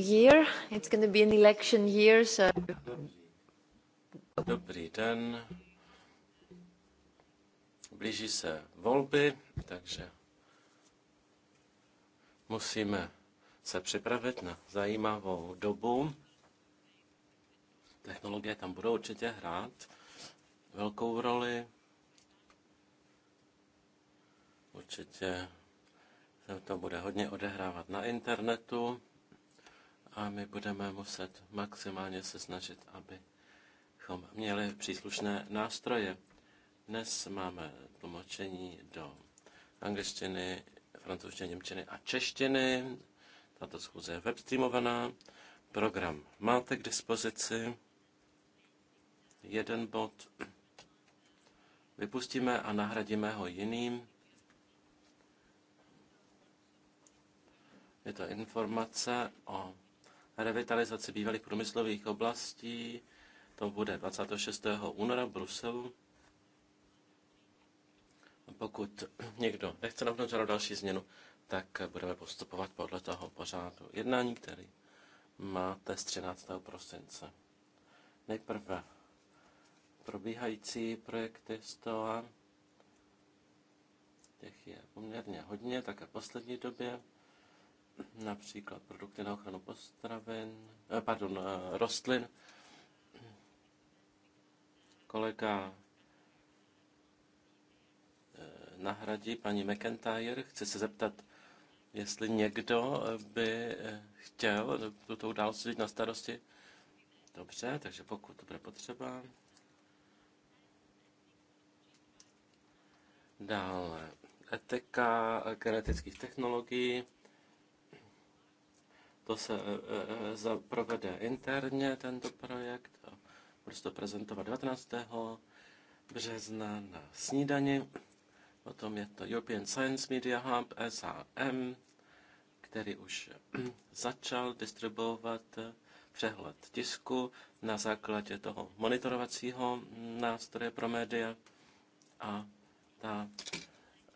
year. It's going to be an election year, so... Dobrý den. Blíží se volby, takže musíme se připravit na zajímavou dobu. Technologie tam budou určitě hrát velkou roli. Určitě se to bude hodně odehrávat na internetu a my budeme muset maximálně se snažit, abychom měli příslušné nástroje. Dnes máme tlumočení do angličtiny, francouzštiny, němčiny a češtiny. Tato schůze je webstreamovaná. Program máte k dispozici. Jeden bod vypustíme a nahradíme ho jiným. Je to informace o revitalizaci bývalých průmyslových oblastí. To bude 26. února v Bruselu. Pokud někdo nechce navnout žádnou další změnu, tak budeme postupovat podle toho pořádu jednání, který máte z 13. prosince. Nejprve probíhající projekty toho, těch je poměrně hodně, také v poslední době například produkty na ochranu postravin, eh, pardon, eh, rostlin. Kolega eh, nahradí paní McIntyre. Chci se zeptat, jestli někdo by chtěl tuto událost na starosti. Dobře, takže pokud to bude potřeba. Dále etika genetických technologií. To se e, e, e, provede interně, tento projekt. Budu to prezentovat 19. března na snídani. Potom je to European Science Media Hub, SAM, který už začal distribuovat přehled tisku na základě toho monitorovacího nástroje pro média a ta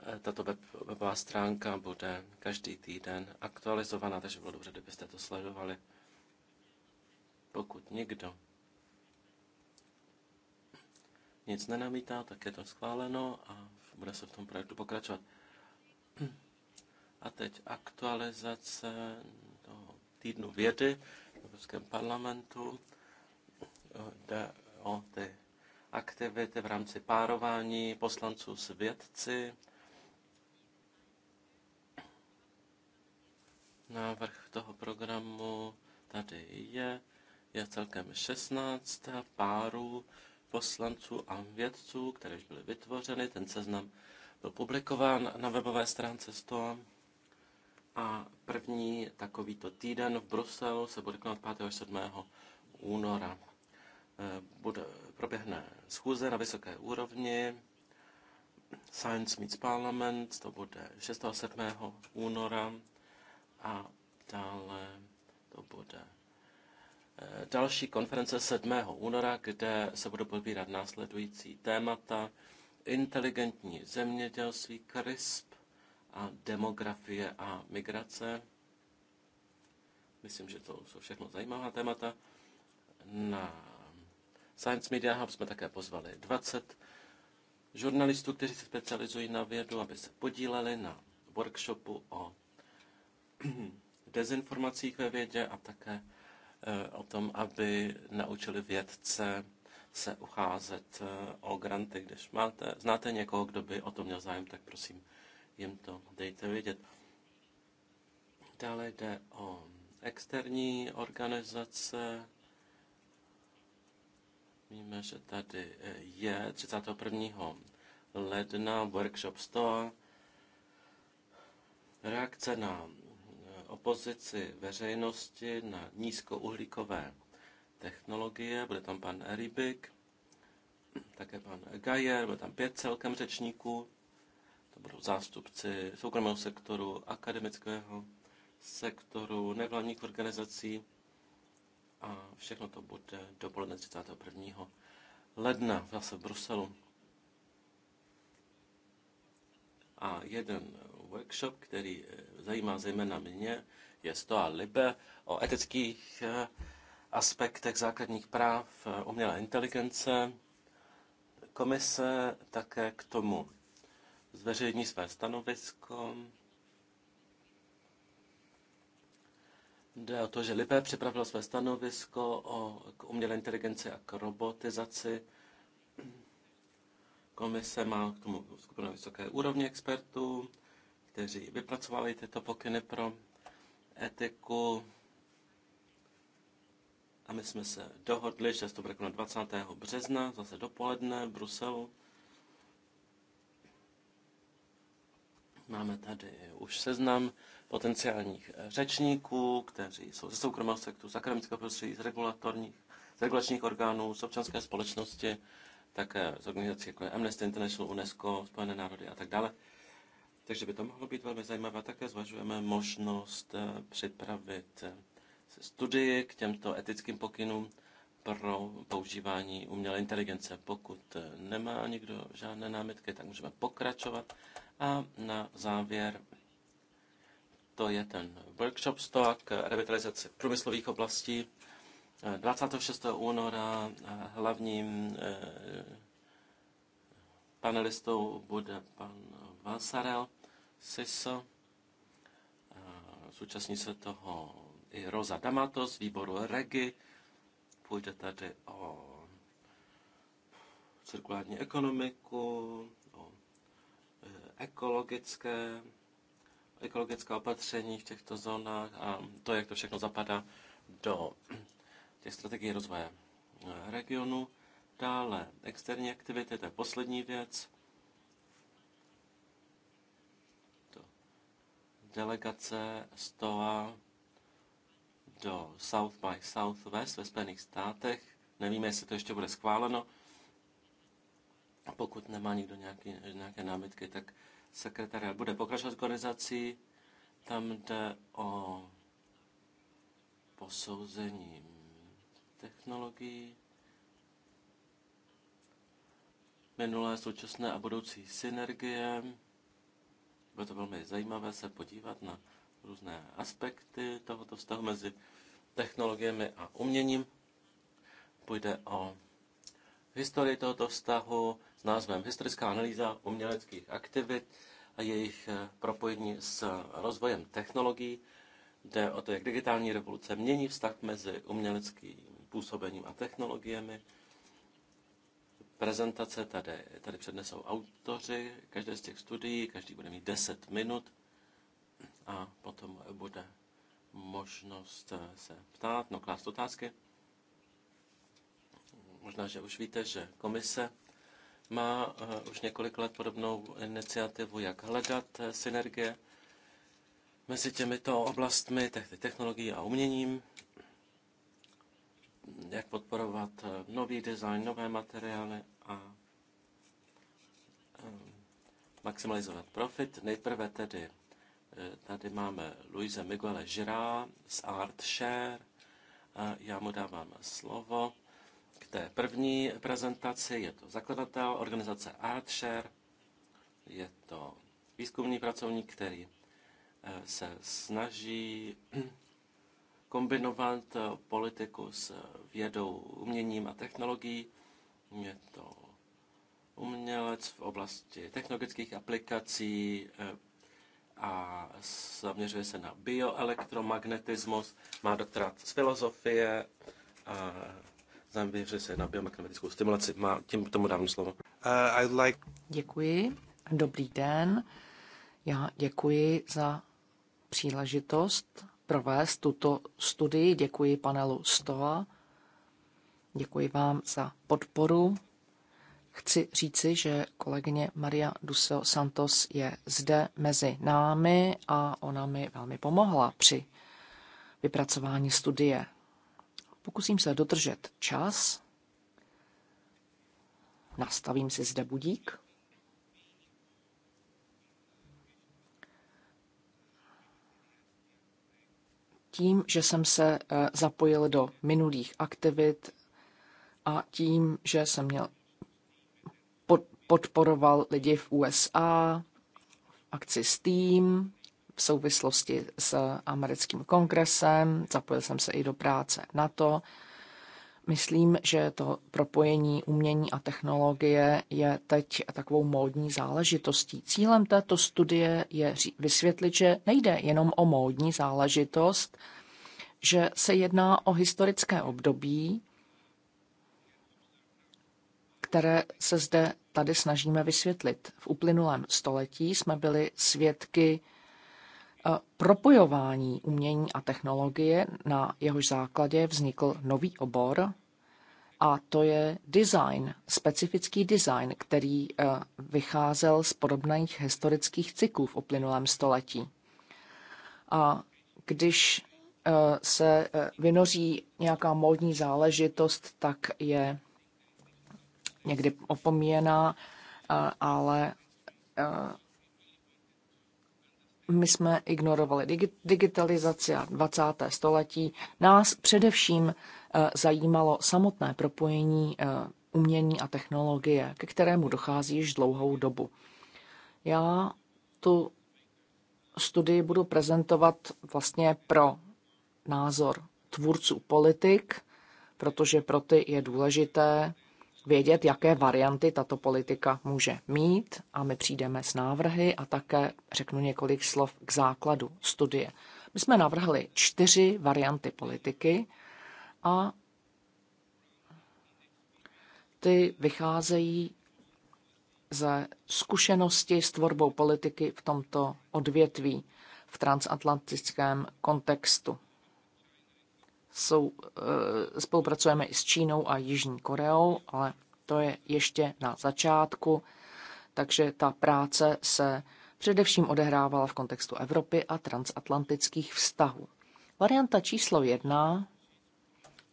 Eh, tato webová stránka bude každý týden aktualizovaná, takže bylo dobře, kdybyste to sledovali. Pokud někdo nic nenamítá, tak je to schváleno a bude se v tom projektu pokračovat. A teď aktualizace toho týdnu vědy v Evropském parlamentu. Jde o ty aktivity v rámci párování poslanců s vědci. Návrh toho programu tady je. Je celkem 16 párů poslanců a vědců, které už byly vytvořeny. Ten seznam byl publikován na webové stránce 100. A první takovýto týden v Bruselu se bude konat 5. až 7. února. Eh, bude, proběhne schůze na vysoké úrovni, Science Meets Parliament, to bude 6. a 7. února a dále to bude eh, další konference 7. února, kde se budou podbírat následující témata inteligentní zemědělství, CRISP a demografie a migrace. Myslím, že to jsou všechno zajímavá témata. Na Science Media Hub jsme také pozvali 20 žurnalistů, kteří se specializují na vědu, aby se podíleli na workshopu o dezinformacích ve vědě a také eh, o tom, aby naučili vědce se ucházet eh, o granty. Když máte, znáte někoho, kdo by o to měl zájem, tak prosím, jim to dejte vědět. Dále jde o externí organizace. Víme, že tady eh, je 31. ledna workshop 100. Reakce na opozici veřejnosti na nízkouhlíkové technologie. Bude tam pan Rybik, také pan Gajer, bude tam pět celkem řečníků. To budou zástupci soukromého sektoru, akademického sektoru, nevládních organizací. A všechno to bude dopoledne 31. ledna zase v Bruselu. A jeden workshop, který eh, zajímá zejména mě, je Stoa Libe o etických eh, aspektech základních práv eh, umělé inteligence. Komise také k tomu zveřejní své stanovisko. Jde o to, že Libe připravilo své stanovisko o, k umělé inteligenci a k robotizaci. Komise má k tomu skupinu vysoké úrovně expertů kteří vypracovali tyto pokyny pro etiku. A my jsme se dohodli, že to bude 20. března, zase dopoledne v Bruselu. Máme tady už seznam potenciálních řečníků, kteří jsou ze soukromého sektoru, z akademického prostředí, z, regulatorních, z regulačních orgánů, z občanské společnosti, také z organizací jako je Amnesty International, UNESCO, Spojené národy a tak dále. Takže by to mohlo být velmi zajímavé. Také zvažujeme možnost eh, připravit eh, studii k těmto etickým pokynům pro používání umělé inteligence. Pokud eh, nemá nikdo žádné námitky, tak můžeme pokračovat. A na závěr to je ten workshop STOA k revitalizaci průmyslových oblastí. 26. února hlavním panelistou bude pan Valsarel. SIS. Zúčastní se toho i Rosa D'Amato z výboru REGI. Půjde tady o cirkulární ekonomiku, o e, ekologické, ekologické opatření v těchto zónách a to, jak to všechno zapadá do těch strategií rozvoje regionu. Dále externí aktivity, to je poslední věc. delegace STOA do South by Southwest ve Spojených státech. Nevíme, jestli to ještě bude schváleno. Pokud nemá nikdo nějaký, nějaké námitky, tak sekretariat bude pokračovat s organizací. Tam jde o posouzení technologií, minulé, současné a budoucí synergie. Bylo to velmi zajímavé se podívat na různé aspekty tohoto vztahu mezi technologiemi a uměním. Půjde o historii tohoto vztahu s názvem Historická analýza uměleckých aktivit a jejich eh, propojení s rozvojem technologií. Jde o to, jak digitální revoluce mění vztah mezi uměleckým působením a technologiemi. Prezentace tady, tady přednesou autoři každé z těch studií, každý bude mít 10 minut a potom bude možnost eh, se ptát, no klást otázky. Možná, že už víte, že komise má eh, už několik let podobnou iniciativu, jak hledat eh, synergie mezi těmito oblastmi technologií a uměním jak podporovat eh, nový design, nové materiály a eh, maximalizovat profit. Nejprve tedy eh, tady máme Luise Miguele Žirá z ArtShare. já mu dávám slovo k té první prezentaci. Je to zakladatel organizace ArtShare. Je to výzkumný pracovník, který se snaží kombinovat eh, politiku s eh, vědou, uměním a technologií. Je to umělec v oblasti technologických aplikací eh, a zaměřuje se na bioelektromagnetismus, má doktorát z filozofie a zaměřuje se na biomagnetickou stimulaci. Má, tím tomu dávám slovo. Uh, like... Děkuji. Dobrý den. Já děkuji za příležitost provést tuto studii. Děkuji panelu Stoa. Děkuji vám za podporu. Chci říci, že kolegyně Maria Duso Santos je zde mezi námi a ona mi velmi pomohla při vypracování studie. Pokusím se dodržet čas. Nastavím si zde budík. tím, že jsem se eh, zapojil do minulých aktivit a tím, že jsem měl podporoval lidi v USA, v akci tým v souvislosti s americkým kongresem, zapojil jsem se i do práce na to. Myslím, že to propojení umění a technologie je teď takovou módní záležitostí. Cílem této studie je vysvětlit, že nejde jenom o módní záležitost, že se jedná o historické období, které se zde tady snažíme vysvětlit. V uplynulém století jsme byli svědky Eh, propojování umění a technologie, na jehož základě vznikl nový obor, a to je design, specifický design, který eh, vycházel z podobných historických cyklů v uplynulém století. A když eh, se vynoří nějaká módní záležitost, tak je někdy opomíjená, ale my jsme ignorovali digitalizaci a 20. století. Nás především eh, zajímalo samotné propojení eh, umění a technologie, ke kterému dochází již dlouhou dobu. Já tu studii budu prezentovat vlastně pro názor tvůrců politik, protože pro ty je důležité vědět, jaké varianty tato politika může mít a my přijdeme s návrhy a také řeknu několik slov k základu studie. My jsme navrhli čtyři varianty politiky a ty vycházejí ze zkušenosti s tvorbou politiky v tomto odvětví v transatlantickém kontextu. Eh, spolupracujeme i s Čínou a Jižní Koreou, ale to je ještě na začátku, takže ta práce se především odehrávala v kontextu Evropy a transatlantických vztahů. Varianta číslo jedna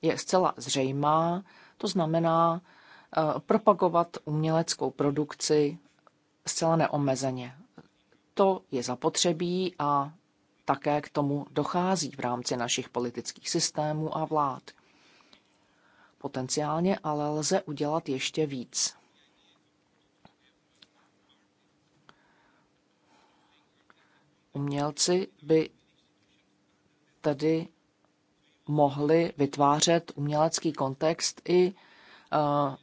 je zcela zřejmá, to znamená eh, propagovat uměleckou produkci zcela neomezeně. To je zapotřebí a také k tomu dochází v rámci našich politických systémů a vlád. Potenciálně ale lze udělat ještě víc. Umělci by tedy mohli vytvářet umělecký kontext i eh,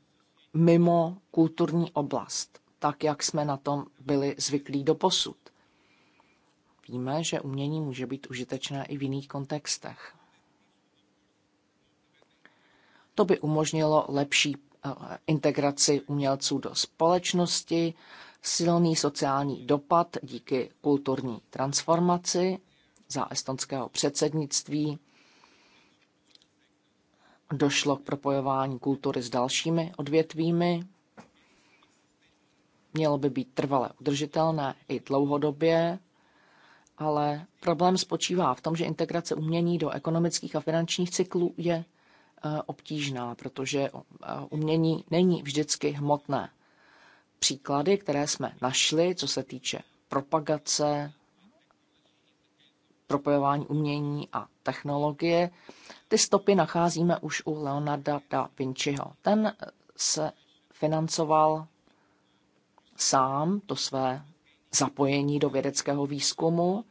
mimo kulturní oblast, tak jak jsme na tom byli zvyklí do posud. Víme, že umění může být užitečné i v jiných kontextech. To by umožnilo lepší eh, integraci umělců do společnosti, silný sociální dopad díky kulturní transformaci za estonského předsednictví. Došlo k propojování kultury s dalšími odvětvími. Mělo by být trvale udržitelné i dlouhodobě, ale problém spočívá v tom, že integrace umění do ekonomických a finančních cyklů je eh, obtížná, protože eh, umění není vždycky hmotné. Příklady, které jsme našli, co se týče propagace, propojování umění a technologie, ty stopy nacházíme už u Leonarda da Vinciho. Ten eh, se financoval sám to své zapojení do vědeckého výzkumu,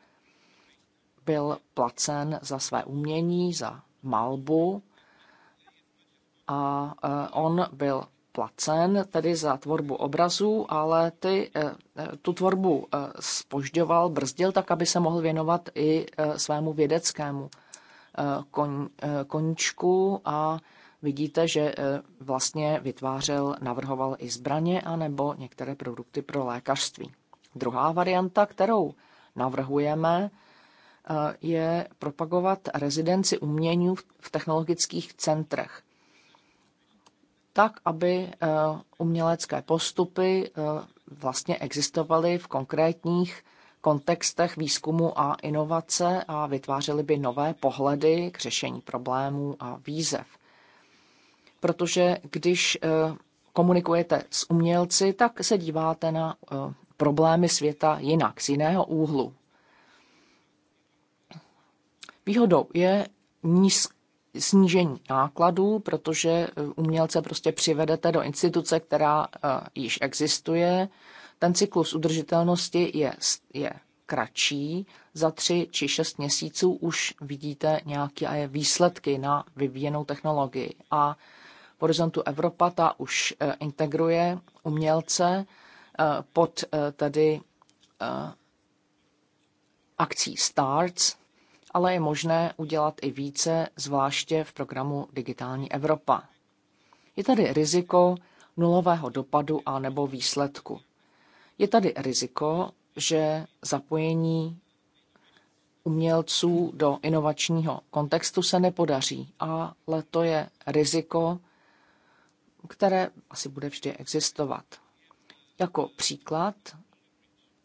byl placen za své umění, za malbu a eh, on byl placen tedy za tvorbu obrazů, ale ty, eh, tu tvorbu spožďoval, eh, brzdil tak, aby se mohl věnovat i svému vědeckému kon, koníčku a vidíte, že vlastně vytvářel, navrhoval i zbraně anebo některé produkty pro lékařství. Druhá varianta, kterou navrhujeme, eh, je propagovat rezidenci umění v technologických centrech. Tak, aby eh, umělecké postupy eh, vlastně existovaly v konkrétních kontextech výzkumu a inovace a vytvářely by nové pohledy k řešení problémů a výzev. Protože když komunikujete s umělci, tak se díváte na problémy světa jinak, z jiného úhlu. Výhodou je nízký snížení nákladů, protože eh, umělce prostě přivedete do instituce, která eh, již existuje. Ten cyklus udržitelnosti je, je kratší. Za tři či šest měsíců už vidíte nějaké výsledky na vyvíjenou technologii. A v horizontu Evropa ta už eh, integruje umělce Eh, pod eh, tady eh, akcí STARTS, ale je možné udělat i více, zvláště v programu Digitální Evropa. Je tady riziko nulového dopadu a nebo výsledku. Je tady riziko, že zapojení umělců do inovačního kontextu se nepodaří, ale to je riziko, které asi bude vždy existovat. Jako příklad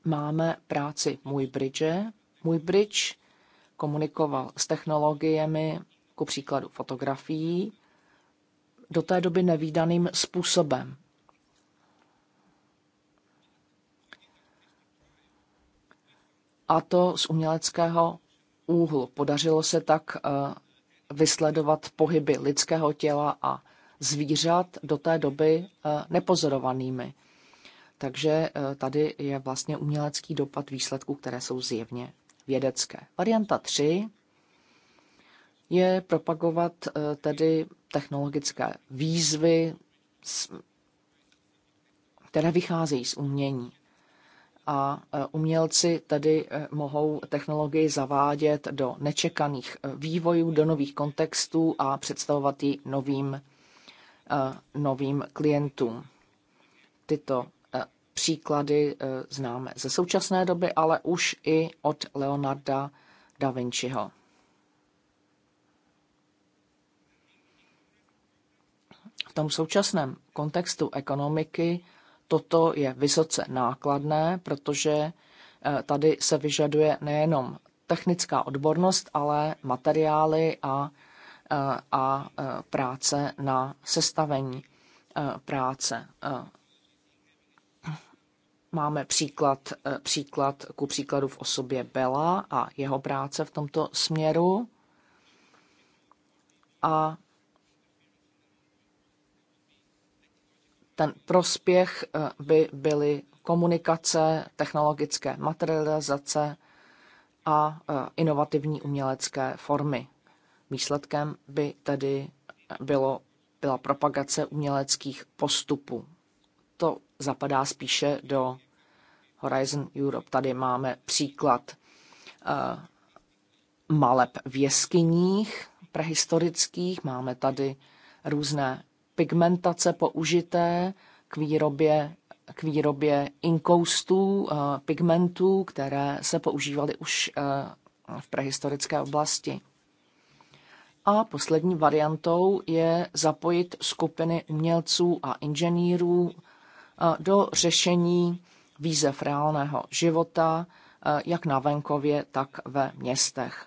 máme práci Můj bridge. Můj bridge komunikoval s technologiemi, ku příkladu fotografií, do té doby nevýdaným způsobem. A to z uměleckého úhlu. Podařilo se tak eh, vysledovat pohyby lidského těla a zvířat do té doby eh, nepozorovanými. Takže eh, tady je vlastně umělecký dopad výsledků, které jsou zjevně vědecké. Varianta 3 je propagovat eh, tedy technologické výzvy, které vycházejí z umění. A eh, umělci tedy mohou technologii zavádět do nečekaných vývojů, do nových kontextů a představovat ji novým, novým klientům. Tyto příklady eh, známe ze současné doby, ale už i od Leonarda da Vinciho. V tom současném kontextu ekonomiky toto je vysoce nákladné, protože eh, tady se vyžaduje nejenom technická odbornost, ale materiály a, eh, a, a práce na sestavení práce Máme příklad, eh, příklad ku příkladu v osobě Bela a jeho práce v tomto směru. A ten prospěch eh, by byly komunikace, technologické materializace a eh, inovativní umělecké formy. Výsledkem by tedy bylo, byla propagace uměleckých postupů to zapadá spíše do Horizon Europe. Tady máme příklad eh, maleb v jeskyních prehistorických, máme tady různé pigmentace použité k výrobě, k výrobě inkoustů, eh, pigmentů, které se používaly už eh, v prehistorické oblasti. A poslední variantou je zapojit skupiny umělců a inženýrů do řešení výzev reálného života, jak na venkově, tak ve městech.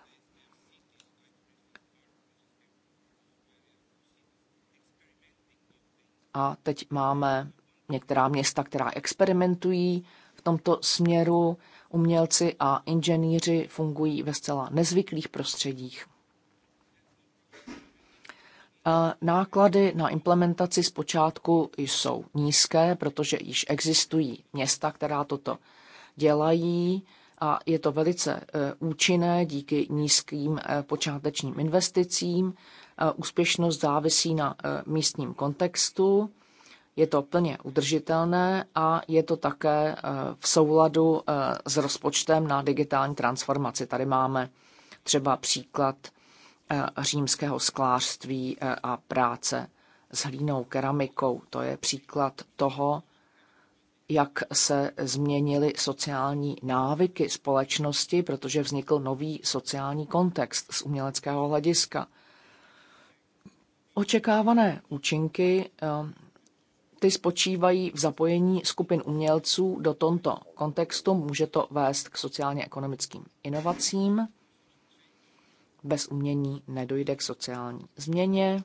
A teď máme některá města, která experimentují v tomto směru. Umělci a inženýři fungují ve zcela nezvyklých prostředích. Náklady na implementaci zpočátku jsou nízké, protože již existují města, která toto dělají a je to velice e, účinné díky nízkým e, počátečním investicím. E, úspěšnost závisí na místním kontextu, je to plně udržitelné a je to také v souladu s rozpočtem na digitální transformaci. Tady máme třeba příklad Eh, římského sklářství eh, a práce s hlínou, keramikou. To je příklad toho, jak se změnily sociální návyky společnosti, protože vznikl nový sociální kontext z uměleckého hlediska. Očekávané účinky eh, ty spočívají v zapojení skupin umělců do tomto kontextu. Může to vést k sociálně-ekonomickým inovacím bez umění nedojde k sociální změně.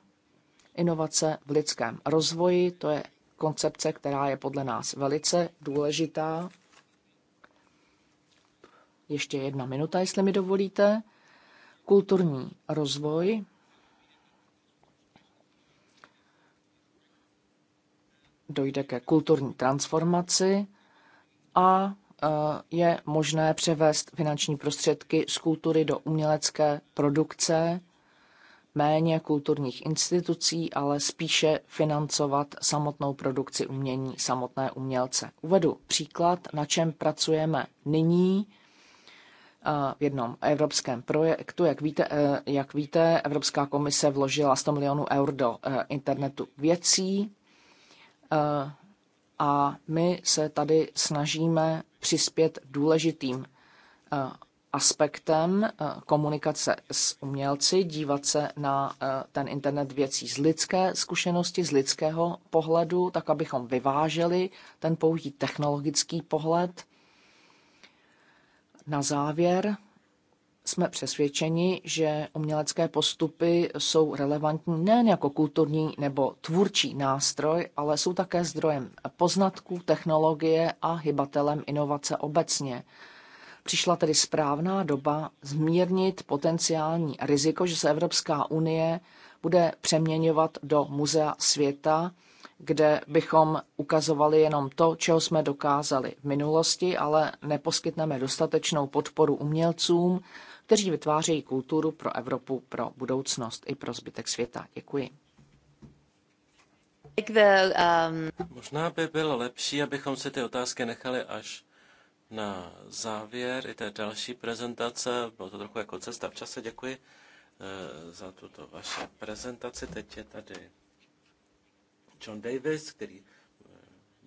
Inovace v lidském rozvoji, to je koncepce, která je podle nás velice důležitá. Ještě jedna minuta, jestli mi dovolíte. Kulturní rozvoj. Dojde ke kulturní transformaci a Eh, je možné převést finanční prostředky z kultury do umělecké produkce, méně kulturních institucí, ale spíše financovat samotnou produkci umění, samotné umělce. Uvedu příklad, na čem pracujeme nyní eh, v jednom evropském projektu. Jak víte, eh, jak víte, Evropská komise vložila 100 milionů eur do internetu věcí a my se tady snažíme přispět důležitým eh, aspektem eh, komunikace s umělci, dívat se na eh, ten internet věcí z lidské zkušenosti, z lidského pohledu, tak abychom vyváželi ten pouhý technologický pohled. Na závěr jsme přesvědčeni, že umělecké postupy jsou relevantní nejen jako kulturní nebo tvůrčí nástroj, ale jsou také zdrojem poznatků, technologie a hybatelem inovace obecně. Přišla tedy správná doba zmírnit potenciální riziko, že se Evropská unie bude přeměňovat do muzea světa, kde bychom ukazovali jenom to, čeho jsme dokázali v minulosti, ale neposkytneme dostatečnou podporu umělcům, kteří vytvářejí kulturu pro Evropu, pro budoucnost i pro zbytek světa. Děkuji. Um, Možná by bylo lepší, abychom si ty otázky nechali až na závěr i té další prezentace. Bylo to trochu jako cesta v čase. Děkuji eh, za tuto vaši prezentaci. Teď je tady John Davis, který eh,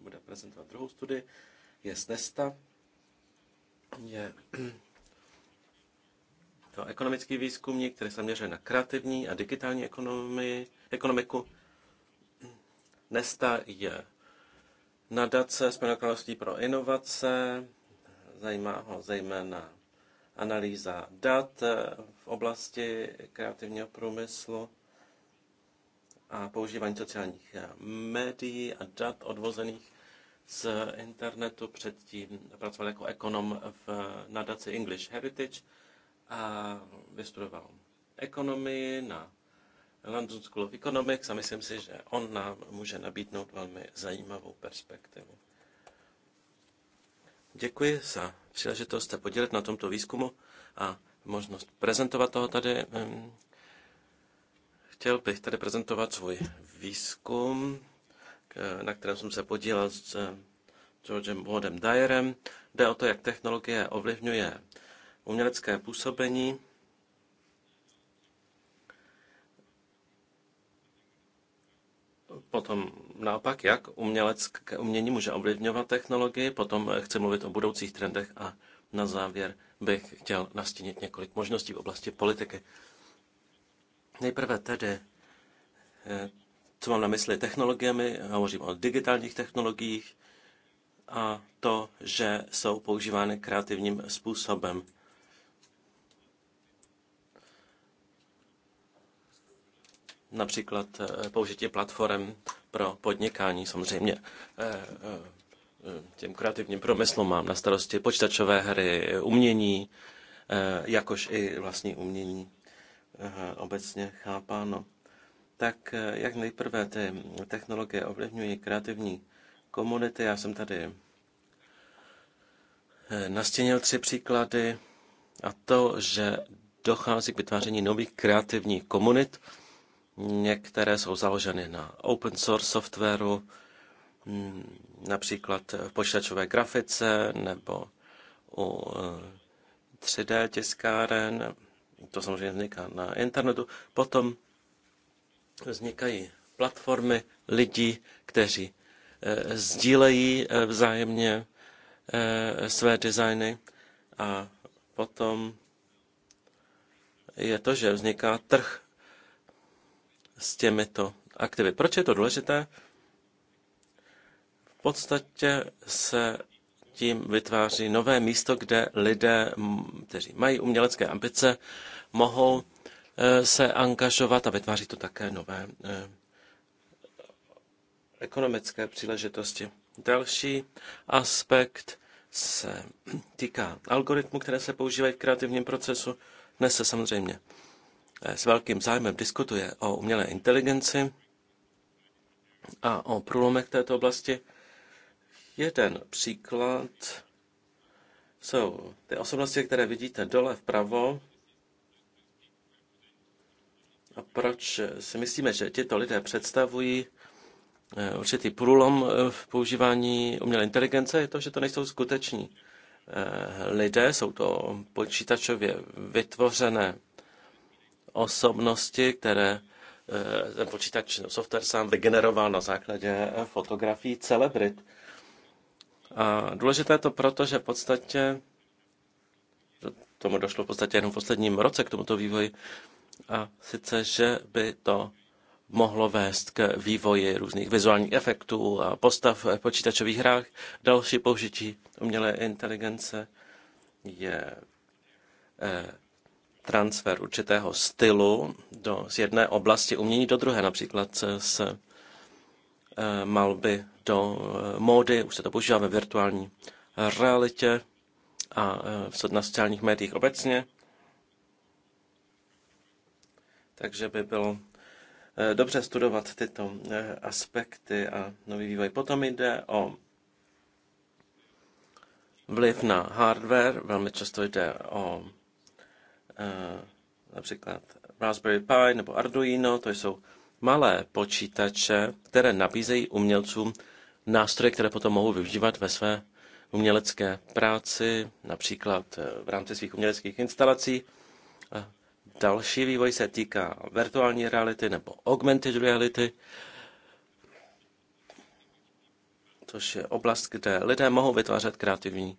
bude prezentovat druhou studii. Je z Nesta. Je to ekonomický výzkumník, který se měřuje na kreativní a digitální ekonomii, ekonomiku. Nesta je nadace Spojeného království pro inovace, zajímá ho zejména analýza dat eh, v oblasti kreativního průmyslu a používání sociálních eh, médií a dat odvozených z internetu. Předtím pracoval jako ekonom v eh, nadaci English Heritage a vystudoval ekonomii na London School of Economics a myslím si, že on nám může nabídnout velmi zajímavou perspektivu. Děkuji za příležitost se podělit na tomto výzkumu a možnost prezentovat toho tady. Chtěl bych tady prezentovat svůj výzkum, na kterém jsem se podílel s eh, Georgem Wardem Dyerem. Jde o to, jak technologie ovlivňuje umělecké působení potom naopak, jak umělecké umění může ovlivňovat technologii, potom eh, chci mluvit o budoucích trendech a na závěr bych chtěl nastínit několik možností v oblasti politiky. Nejprve tedy, eh, co mám na mysli technologiemi, hovořím o digitálních technologiích a to, že jsou používány kreativním způsobem. například eh, použití platform pro podnikání, samozřejmě eh, eh, těm kreativním promyslům mám na starosti počítačové hry, umění, jakož i vlastní umění obecně chápáno. Tak jak nejprve ty technologie ovlivňují kreativní komunity, já jsem tady nastěnil tři příklady a to, že dochází k vytváření nových kreativních komunit, Některé jsou založeny na open source softwaru, mm, například v počítačové grafice nebo u 3D eh, tiskáren, to samozřejmě vzniká na internetu. Potom vznikají platformy lidí, kteří eh, sdílejí eh, vzájemně své designy a potom je to, že vzniká trh s těmito aktivy. Proč je to důležité? V podstatě se tím vytváří nové místo, kde lidé, kteří mají umělecké ambice, mohou e, se angažovat a vytváří to také nové e, ekonomické příležitosti. Další aspekt se týká algoritmu, které se používají v kreativním procesu. Dnes se samozřejmě Eh, s velkým zájmem diskutuje o umělé inteligenci a o průlomech této oblasti. Jeden příklad jsou ty osobnosti, které vidíte dole vpravo. A proč si myslíme, že tyto lidé představují eh, určitý průlom eh, v používání umělé inteligence, je to, že to nejsou skuteční lidé, jsou to počítačově vytvořené osobnosti, které eh, ten počítač, software sám vygeneroval na základě eh, fotografií celebrit. A důležité je to proto, že v podstatě tomu došlo v podstatě jenom v posledním roce k tomuto vývoji, a sice, že by to mohlo vést k vývoji různých vizuálních efektů a postav v počítačových hrách. Další použití umělé inteligence je eh, transfer určitého stylu do, z jedné oblasti umění do druhé, například z eh, malby do eh, módy, už se to používá ve virtuální realitě a eh, na sociálních médiích obecně. Takže by bylo dobře studovat tyto aspekty a nový vývoj. Potom jde o vliv na hardware, velmi často jde o Eh, například Raspberry Pi nebo Arduino, to jsou malé počítače, které nabízejí umělcům nástroje, které potom mohou využívat ve své umělecké práci, například eh, v rámci svých uměleckých instalací. Další vývoj se týká virtuální reality nebo augmented reality, což je oblast, kde lidé mohou vytvářet kreativní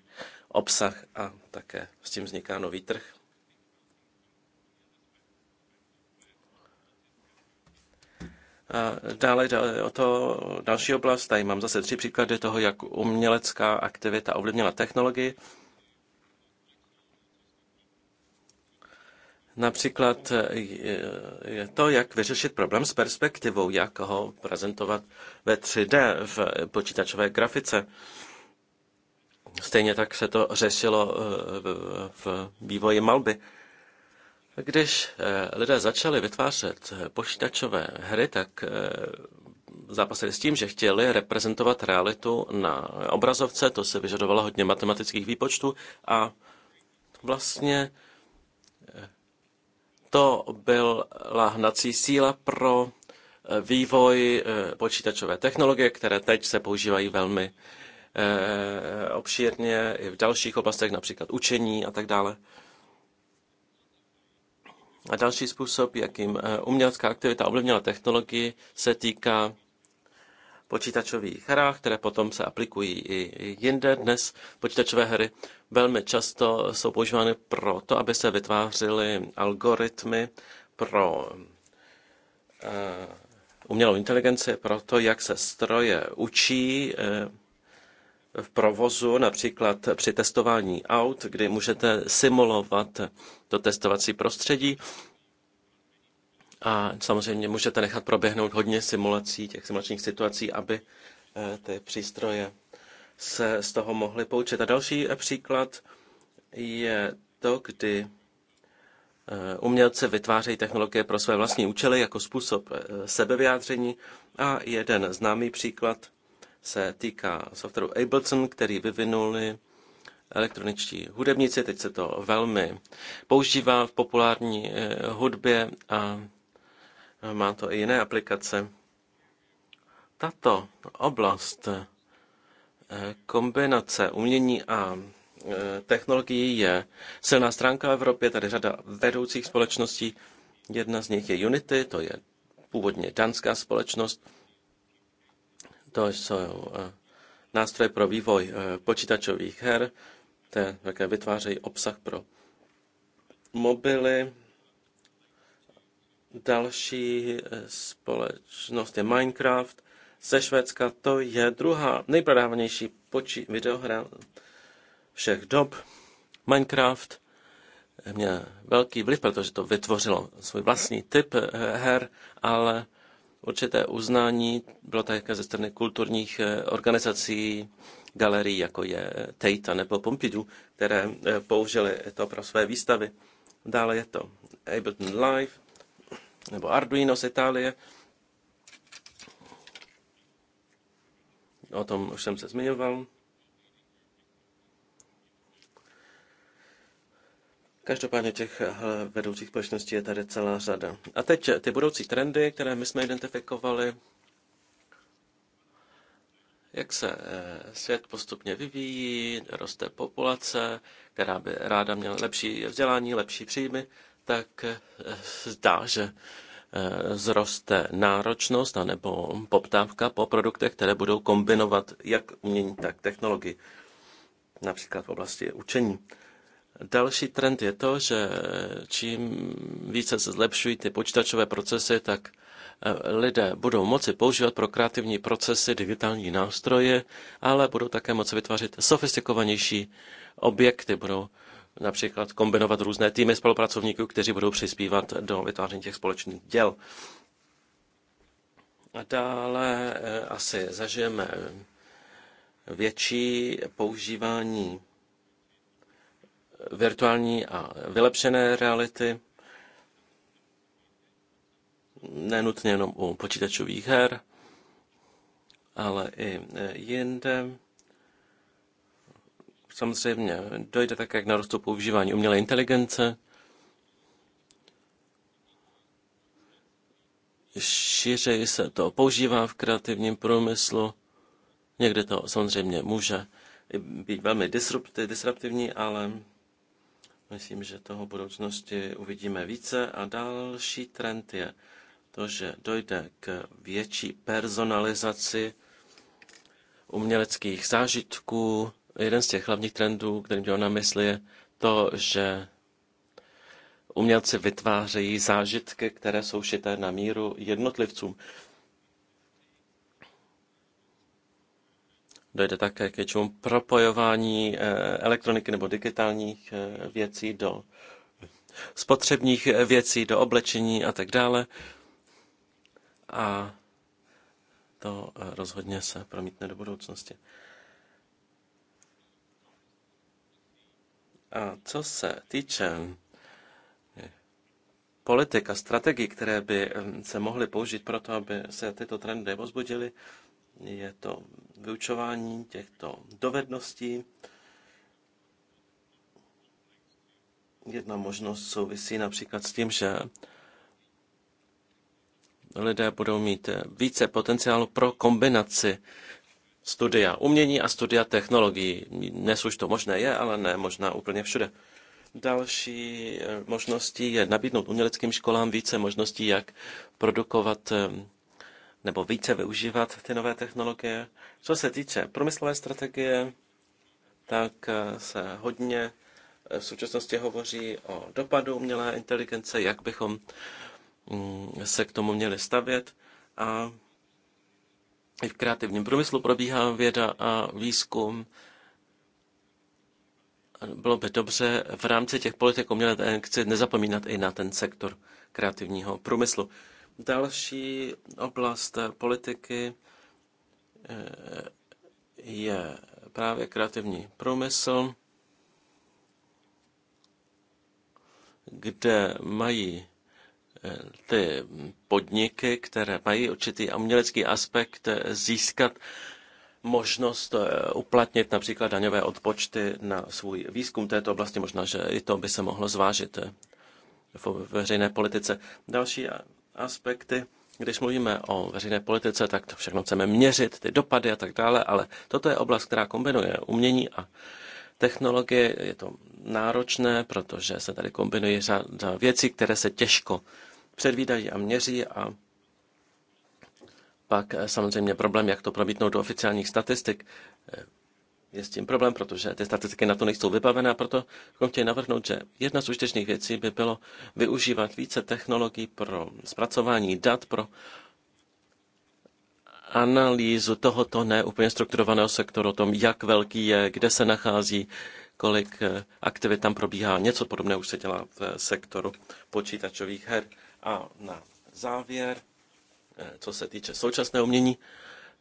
obsah a také s tím vzniká nový trh. dále o to další oblast, tady mám zase tři příklady toho, jak umělecká aktivita ovlivnila technologii. Například je to, jak vyřešit problém s perspektivou, jak ho prezentovat ve 3D v počítačové grafice. Stejně tak se to řešilo e, v vývoji malby. Když eh, lidé začali vytvářet eh, počítačové hry, tak eh, zápasili s tím, že chtěli reprezentovat realitu na obrazovce, to se vyžadovalo hodně matematických výpočtů a vlastně to byla hnací síla pro vývoj počítačové technologie, které teď se používají velmi obšírně i v dalších oblastech, například učení a tak dále. A další způsob, jakým eh, umělecká aktivita ovlivnila technologii, se týká počítačových hrách, které potom se aplikují i jinde. Dnes počítačové hry velmi často jsou používány pro to, aby se vytvářely algoritmy pro eh, umělou inteligenci, pro to, jak se stroje učí eh, v provozu, například při testování aut, kdy můžete simulovat to testovací prostředí. A samozřejmě můžete nechat proběhnout hodně simulací, těch simulačních situací, aby eh, ty přístroje se z toho mohly poučit. A další eh, příklad je to, kdy eh, umělci vytvářejí technologie pro své vlastní účely jako způsob sebevyjádření. A jeden známý příklad se týká softwaru Ableton, který vyvinuli elektroničtí hudebníci. Teď se to velmi používá v populární eh, hudbě a má to i jiné aplikace. Tato oblast eh, kombinace umění a eh, technologií je silná stránka v Evropě, tady řada vedoucích společností. Jedna z nich je Unity, to je původně danská společnost, to jsou eh, nástroje pro vývoj eh, počítačových her, které také vytvářejí obsah pro mobily. Další eh, společnost je Minecraft ze Švédska. To je druhá nejprodávanější videohra všech dob. Minecraft měl velký vliv, protože to vytvořilo svůj vlastní typ her, ale určité uznání bylo také ze strany kulturních eh, organizací, galerii, jako je Tate nebo Pompidou, které eh, použili to pro své výstavy. Dále je to Ableton Live nebo Arduino z Itálie. O tom už jsem se zmiňoval. Každopádně těch eh, vedoucích společností je tady celá řada. A teď eh, ty budoucí trendy, které my jsme identifikovali, jak se eh, svět postupně vyvíjí, roste populace, která by ráda měla lepší vzdělání, lepší příjmy, tak zdá, že zroste náročnost anebo poptávka po produktech, které budou kombinovat jak umění, tak technologii, například v oblasti učení. Další trend je to, že čím více se zlepšují ty počítačové procesy, tak eh, lidé budou moci používat pro kreativní procesy digitální nástroje, ale budou také moci vytvářet sofistikovanější objekty, budou například kombinovat různé týmy spolupracovníků, kteří budou přispívat do vytváření těch společných děl. A dále eh, asi zažijeme eh, větší používání virtuální a vylepšené reality, nenutně jenom u počítačových her, ale i e, jinde. Samozřejmě dojde také k narostu používání umělé inteligence, šířeji se to používá v kreativním průmyslu. Někde to samozřejmě může být velmi disruptivní, ale Myslím, že toho v budoucnosti uvidíme více. A další trend je to, že dojde k větší personalizaci uměleckých zážitků. Jeden z těch hlavních trendů, kterým dělám na mysli, je to, že umělci vytvářejí zážitky, které jsou šité na míru jednotlivcům. Dojde také k většímu propojování eh, elektroniky nebo digitálních eh, věcí do spotřebních eh, věcí, do oblečení a tak dále. A to rozhodně se promítne do budoucnosti. A co se týče politika, a strategií, které by se mohly použít pro to, aby se tyto trendy vozbudily, je to vyučování těchto dovedností. Jedna možnost souvisí například s tím, že lidé budou mít více potenciálu pro kombinaci studia umění a studia technologií. Dnes už to možné je, ale ne možná úplně všude. Další eh, možností je nabídnout uměleckým školám více možností, jak produkovat eh, nebo více využívat ty nové technologie. Co se týče průmyslové strategie, tak eh, se hodně eh, v současnosti hovoří o dopadu umělé inteligence, jak bychom mm, se k tomu měli stavět. A i v kreativním průmyslu probíhá věda a výzkum. Bylo by dobře v rámci těch politik umělé inteligence nezapomínat i na ten sektor kreativního průmyslu. Další oblast politiky eh, je právě kreativní průmysl, kde mají eh, ty podniky, které mají určitý umělecký aspekt, eh, získat možnost uplatnit například daňové odpočty na svůj výzkum této oblasti. Možná, že i to by se mohlo zvážit v veřejné politice. Další aspekty. Když mluvíme o veřejné politice, tak to všechno chceme měřit, ty dopady a tak dále, ale toto je oblast, která kombinuje umění a technologie. Je to náročné, protože se tady kombinuje řada věcí, které se těžko předvídají a měří a pak eh, samozřejmě problém, jak to promítnout do oficiálních statistik. Eh, je s tím problém, protože ty statistiky na to nejsou vybavené a proto bychom chtěli navrhnout, že jedna z užitečných věcí by bylo využívat více technologií pro zpracování dat, pro analýzu tohoto neúplně strukturovaného sektoru, o tom, jak velký je, kde se nachází, kolik eh, aktivit tam probíhá. Něco podobného už se dělá v eh, sektoru počítačových her. A na závěr, eh, co se týče současného umění,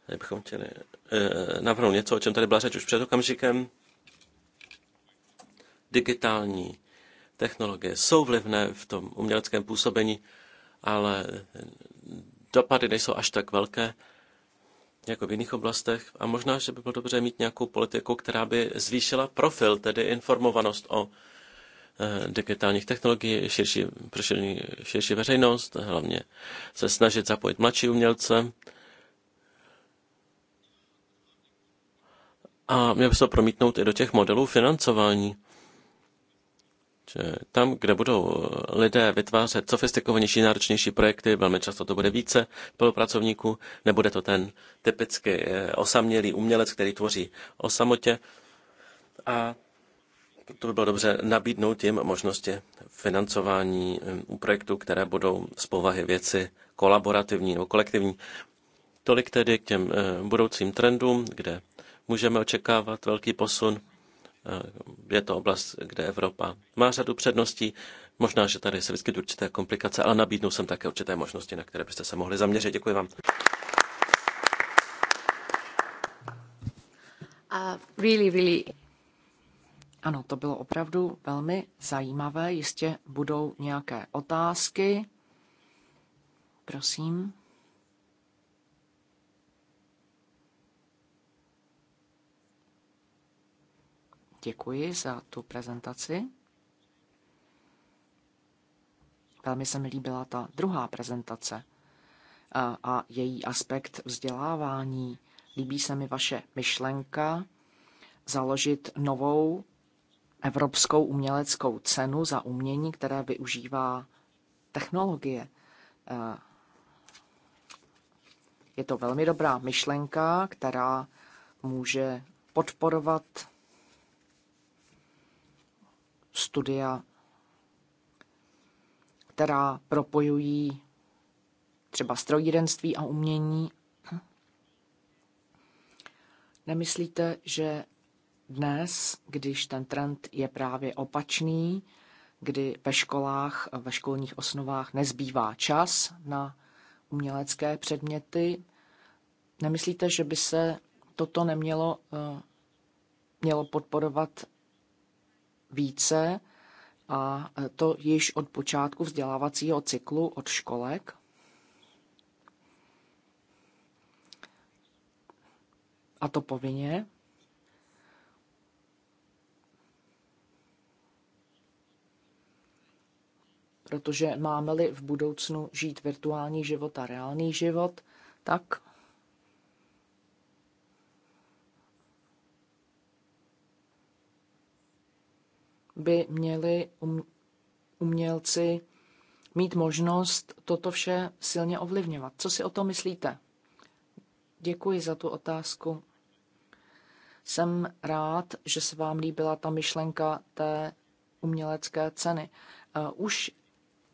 Tady bychom chtěli e, navrhnout něco, o čem tady byla řeč už před okamžikem. Digitální technologie jsou vlivné v tom uměleckém působení, ale dopady nejsou až tak velké jako v jiných oblastech a možná, že by bylo dobře mít nějakou politiku, která by zvýšila profil, tedy informovanost o eh, digitálních technologií, širší, širší veřejnost, hlavně se snažit zapojit mladší umělce, a měl by se to promítnout i do těch modelů financování. Že tam, kde budou eh, lidé vytvářet sofistikovanější, náročnější projekty, velmi často to bude více spolupracovníků, nebude to ten typicky eh, osamělý umělec, který tvoří o samotě. A to by bylo dobře nabídnout jim možnosti financování eh, u projektů, které budou z povahy věci kolaborativní nebo kolektivní. Tolik tedy k těm budoucím trendům, kde můžeme očekávat velký posun. Eh, je to oblast, kde Evropa má řadu předností. Možná, že tady se vyskytují určité komplikace, ale nabídnu jsem také určité možnosti, na které byste se mohli zaměřit. Děkuji vám. Uh, really, really. Ano, to bylo opravdu velmi zajímavé. Jistě budou nějaké otázky. Prosím. děkuji za tu prezentaci. Velmi se mi líbila ta druhá prezentace a její aspekt vzdělávání. Líbí se mi vaše myšlenka založit novou evropskou uměleckou cenu za umění, které využívá technologie. Je to velmi dobrá myšlenka, která může podporovat studia, která propojují třeba strojírenství a umění. Nemyslíte, že dnes, když ten trend je právě opačný, kdy ve školách, ve školních osnovách nezbývá čas na umělecké předměty, nemyslíte, že by se toto nemělo eh, mělo podporovat více a e, to již od počátku vzdělávacího cyklu od školek. A to povinně. Protože máme-li v budoucnu žít virtuální život a reálný život, tak by měli um, umělci mít možnost toto vše silně ovlivňovat. Co si o to myslíte? Děkuji za tu otázku. Jsem rád, že se vám líbila ta myšlenka té umělecké ceny. Eh, už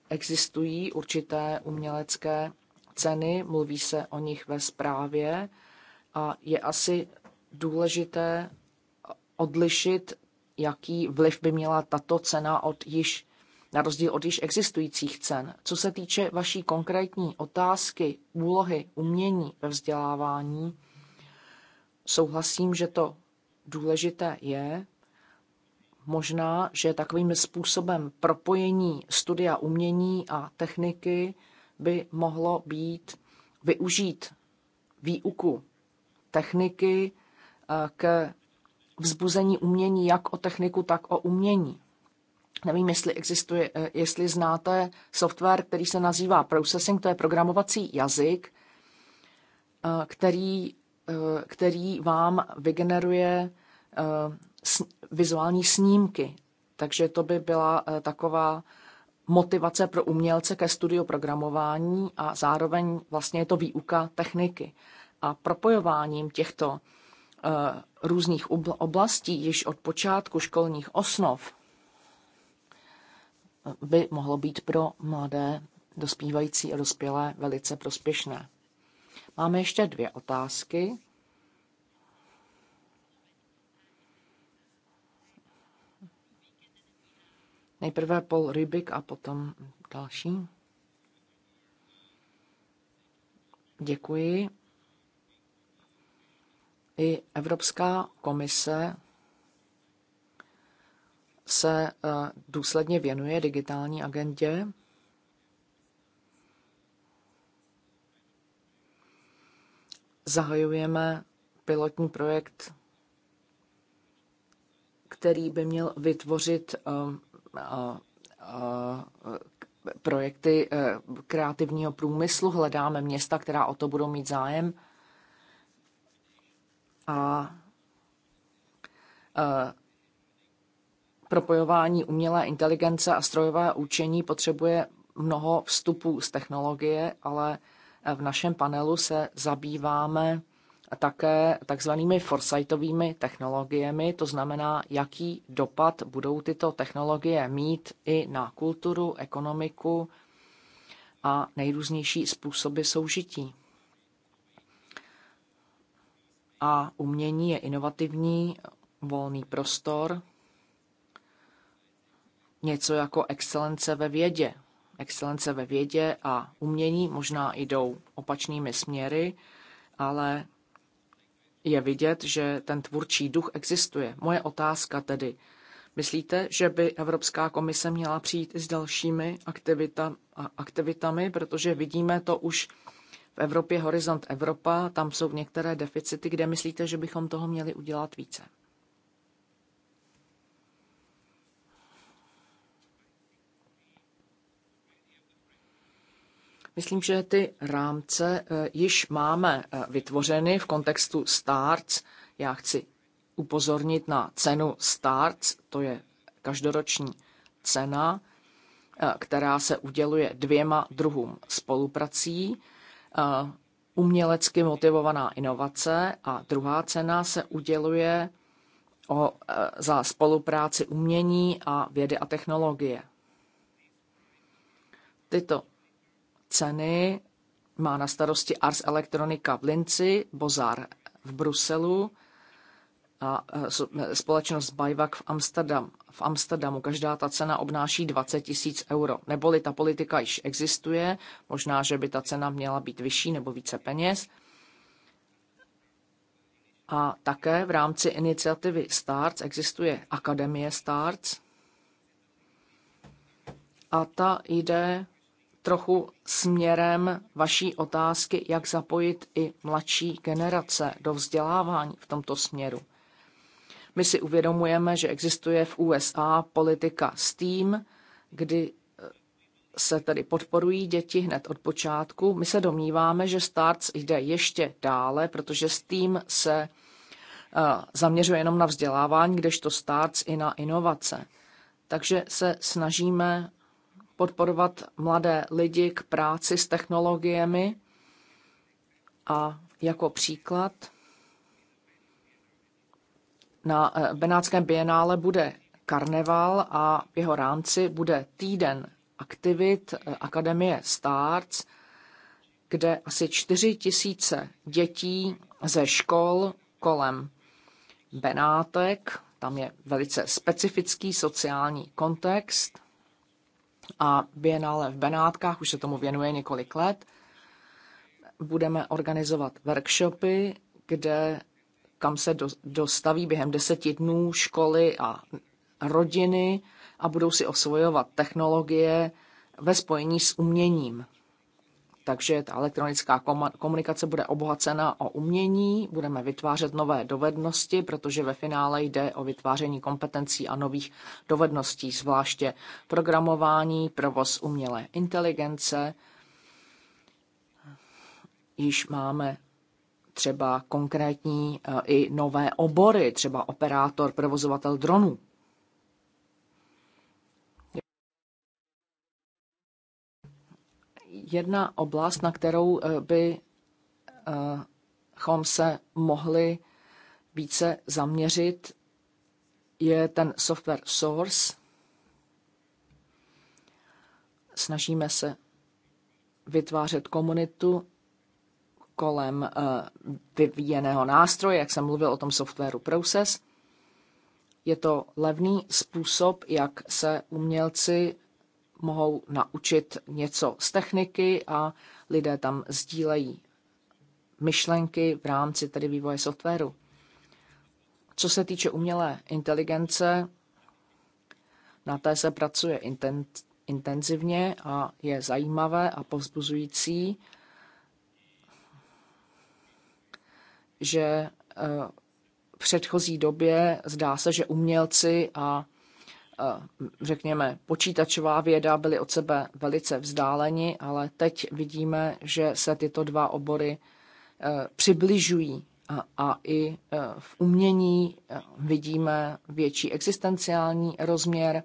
existují určité umělecké ceny, mluví se o nich ve zprávě a je asi důležité odlišit jaký vliv by měla tato cena od již na rozdíl od již existujících cen. Co se týče vaší konkrétní otázky, úlohy, umění ve vzdělávání, souhlasím, že to důležité je. Možná, že takovým způsobem propojení studia umění a techniky by mohlo být využít výuku techniky eh, k vzbuzení umění jak o techniku, tak o umění. Nevím, jestli existuje, eh, jestli znáte software, který se nazývá Processing, to je programovací jazyk, eh, který, eh, který vám vygeneruje vizuální snímky. Takže to by byla taková motivace pro umělce ke studiu programování a zároveň vlastně je to výuka techniky. A propojováním těchto Eh, různých oblastí již od počátku školních osnov eh, by mohlo být pro mladé dospívající a dospělé velice prospěšné. Máme ještě dvě otázky. Nejprve Paul Rybik a potom další. Děkuji. I Evropská komise se eh, důsledně věnuje digitální agendě. Zahajujeme pilotní projekt, který by měl vytvořit eh, eh, projekty kreativního průmyslu. Hledáme města, která o to budou mít zájem a propojování umělé inteligence a strojové učení potřebuje mnoho vstupů z technologie, ale e, v našem panelu se zabýváme také takzvanými foresightovými technologiemi, to znamená, jaký dopad budou tyto technologie mít i na kulturu, ekonomiku a nejrůznější způsoby soužití a umění je inovativní, volný prostor, něco jako excelence ve vědě. Excelence ve vědě a umění možná jdou opačnými směry, ale je vidět, že ten tvůrčí duch existuje. Moje otázka tedy, myslíte, že by Evropská komise měla přijít i s dalšími aktivita, aktivitami, protože vidíme to už v Evropě Horizont Evropa, tam jsou některé deficity, kde myslíte, že bychom toho měli udělat více? Myslím, že ty rámce eh, již máme eh, vytvořeny v kontextu STARTS. Já chci upozornit na cenu STARTS, to je každoroční cena, eh, která se uděluje dvěma druhům spoluprací E, umělecky motivovaná inovace a druhá cena se uděluje o, e, za spolupráci umění a vědy a technologie. Tyto ceny má na starosti Ars Electronica v Linci, Bozar v Bruselu a eh, eh, společnost Bajvak v, Amsterdam, v Amsterdamu. Každá ta cena obnáší 20 tisíc euro. Neboli ta politika již existuje, možná, že by ta cena měla být vyšší nebo více peněz. A také v rámci iniciativy STARTS existuje Akademie STARTS. A ta jde trochu směrem vaší otázky, jak zapojit i mladší generace do vzdělávání v tomto směru. My si uvědomujeme, že existuje v USA politika STEAM, kdy eh, se tedy podporují děti hned od počátku. My se domníváme, že STARTS jde ještě dále, protože STEAM se eh, zaměřuje jenom na vzdělávání, kdežto STARTS i na inovace. Takže se snažíme podporovat mladé lidi k práci s technologiemi a jako příklad – na eh, Benátském bienále bude karneval a v jeho rámci bude týden aktivit eh, Akademie Starts, kde asi 4 tisíce dětí ze škol kolem Benátek, tam je velice specifický sociální kontext a bienále v Benátkách už se tomu věnuje několik let. Budeme organizovat workshopy, kde kam se dostaví během deseti dnů školy a rodiny a budou si osvojovat technologie ve spojení s uměním. Takže ta elektronická komunikace bude obohacena o umění, budeme vytvářet nové dovednosti, protože ve finále jde o vytváření kompetencí a nových dovedností, zvláště programování, provoz umělé inteligence. Již máme třeba konkrétní e, i nové obory, třeba operátor, provozovatel dronů. Jedna oblast, na kterou e, bychom e, se mohli více zaměřit, je ten software source. Snažíme se vytvářet komunitu kolem eh, vyvíjeného nástroje, jak jsem mluvil o tom softwaru Process. Je to levný způsob, jak se umělci mohou naučit něco z techniky a lidé tam sdílejí myšlenky v rámci tedy vývoje softwaru. Co se týče umělé inteligence, na té se pracuje intenzivně a je zajímavé a povzbuzující, že eh, v předchozí době zdá se, že umělci a eh, řekněme, počítačová věda byly od sebe velice vzdáleni, ale teď vidíme, že se tyto dva obory eh, přibližují a, a i v umění vidíme větší existenciální rozměr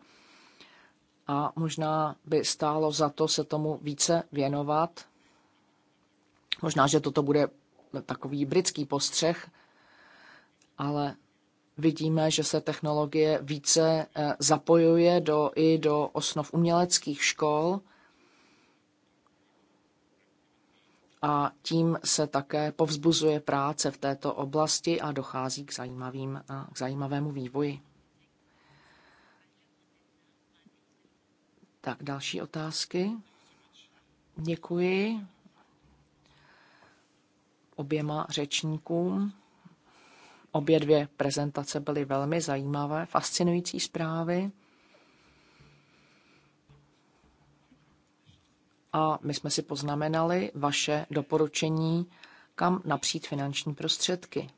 a možná by stálo za to se tomu více věnovat. Možná, že toto bude takový britský postřeh, ale vidíme, že se technologie více eh, zapojuje do, i do osnov uměleckých škol a tím se také povzbuzuje práce v této oblasti a dochází k, zajímavým, eh, k zajímavému vývoji. Tak další otázky. Děkuji oběma řečníkům. Obě dvě prezentace byly velmi zajímavé, fascinující zprávy. A my jsme si poznamenali vaše doporučení, kam napřít finanční prostředky.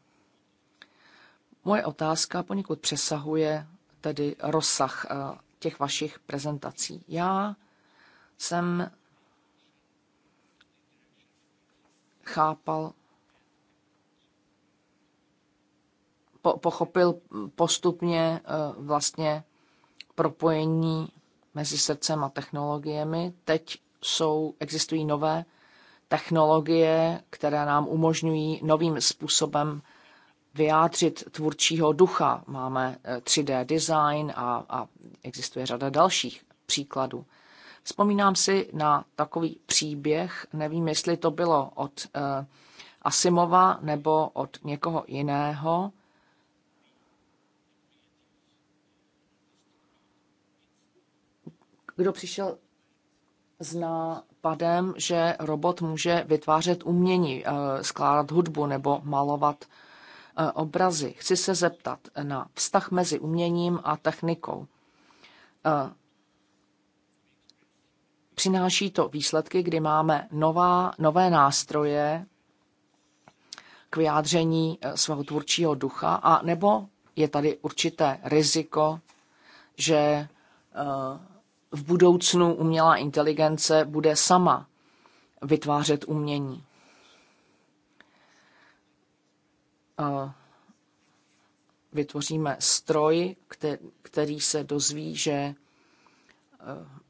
Moje otázka poněkud přesahuje tedy rozsah eh, těch vašich prezentací. Já jsem chápal po, pochopil postupně eh, vlastně propojení mezi srdcem a technologiemi. Teď jsou, existují nové technologie, které nám umožňují novým způsobem vyjádřit tvůrčího ducha. Máme 3D eh, design a, a existuje řada dalších příkladů. Vzpomínám si na takový příběh, nevím, jestli to bylo od eh, Asimova nebo od někoho jiného, Kdo přišel s nápadem, že robot může vytvářet umění, eh, skládat hudbu nebo malovat eh, obrazy. Chci se zeptat na vztah mezi uměním a technikou. Eh, přináší to výsledky, kdy máme nová, nové nástroje k vyjádření svého tvůrčího ducha, a nebo je tady určité riziko, že v budoucnu umělá inteligence bude sama vytvářet umění. Vytvoříme stroj, který se dozví, že e,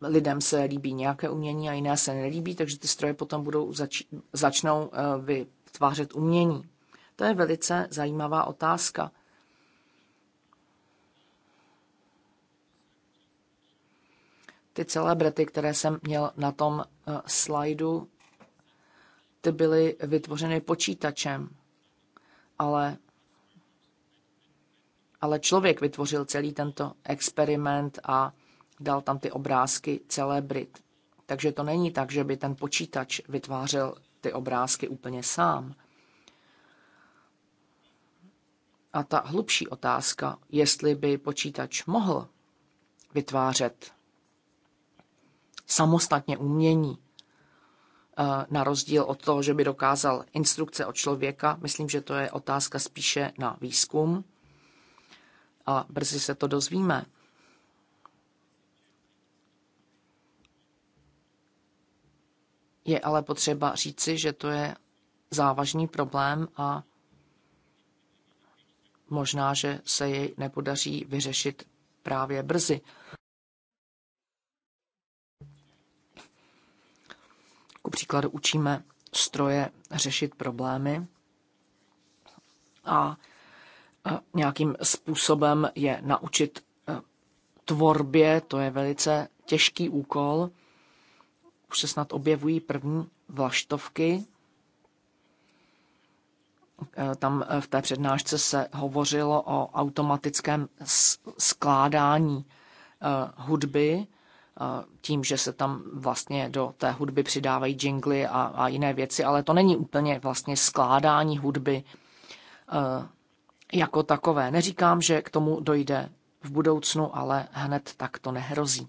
lidem se líbí nějaké umění a jiné se nelíbí, takže ty stroje potom budou zač- začnou e, vytvářet umění. To je velice zajímavá otázka. Ty celebrity, které jsem měl na tom eh, slajdu, ty byly vytvořeny počítačem, ale, ale člověk vytvořil celý tento experiment a dal tam ty obrázky celebrit. Takže to není tak, že by ten počítač vytvářel ty obrázky úplně sám. A ta hlubší otázka, jestli by počítač mohl vytvářet samostatně umění. Eh, na rozdíl od toho, že by dokázal instrukce od člověka, myslím, že to je otázka spíše na výzkum. A brzy se to dozvíme. Je ale potřeba říci, že to je závažný problém a možná, že se jej nepodaří vyřešit právě brzy. Ku příkladu učíme stroje řešit problémy a nějakým způsobem je naučit e, tvorbě, to je velice těžký úkol. Už se snad objevují první vlaštovky. E, tam e, v té přednášce se hovořilo o automatickém skládání hudby tím, že se tam vlastně do té hudby přidávají jingly a, a jiné věci, ale to není úplně vlastně skládání hudby eh, jako takové. Neříkám, že k tomu dojde v budoucnu, ale hned tak to nehrozí.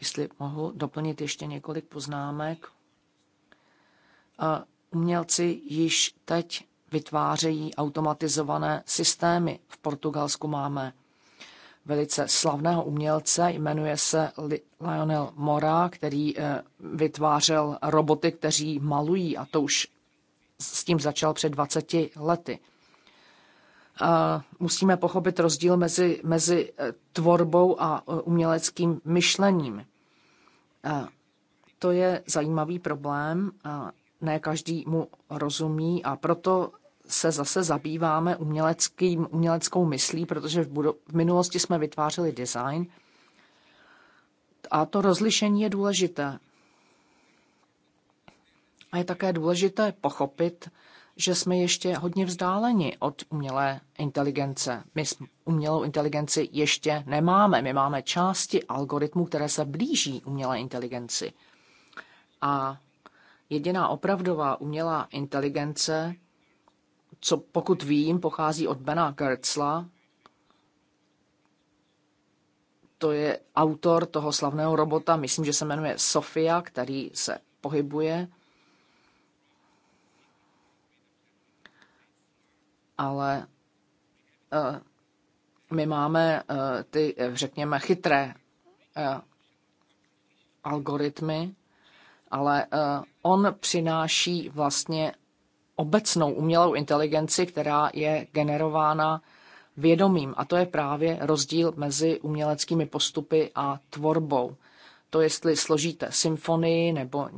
Jestli mohu doplnit ještě několik poznámek. Eh, umělci již teď vytvářejí automatizované systémy. V Portugalsku máme velice slavného umělce, jmenuje se Lionel Mora, který eh, vytvářel roboty, kteří malují a to už s tím začal před 20 lety. Eh, musíme pochopit rozdíl mezi, mezi eh, tvorbou a uměleckým myšlením. To je zajímavý problém, ne každý mu rozumí a proto se zase zabýváme uměleckým, uměleckou myslí, protože v, budu- v minulosti jsme vytvářeli design a to rozlišení je důležité. A je také důležité pochopit, že jsme ještě hodně vzdáleni od umělé inteligence. My umělou inteligenci ještě nemáme. My máme části algoritmů, které se blíží umělé inteligenci. A jediná opravdová umělá inteligence co pokud vím, pochází od Bena Gertzla. To je autor toho slavného robota, myslím, že se jmenuje Sofia, který se pohybuje. Ale eh, my máme eh, ty, eh, řekněme, chytré algoritmy, ale on přináší vlastně obecnou umělou inteligenci, která je generována vědomím. A to je právě rozdíl mezi uměleckými postupy a tvorbou. To, jestli složíte symfonii nebo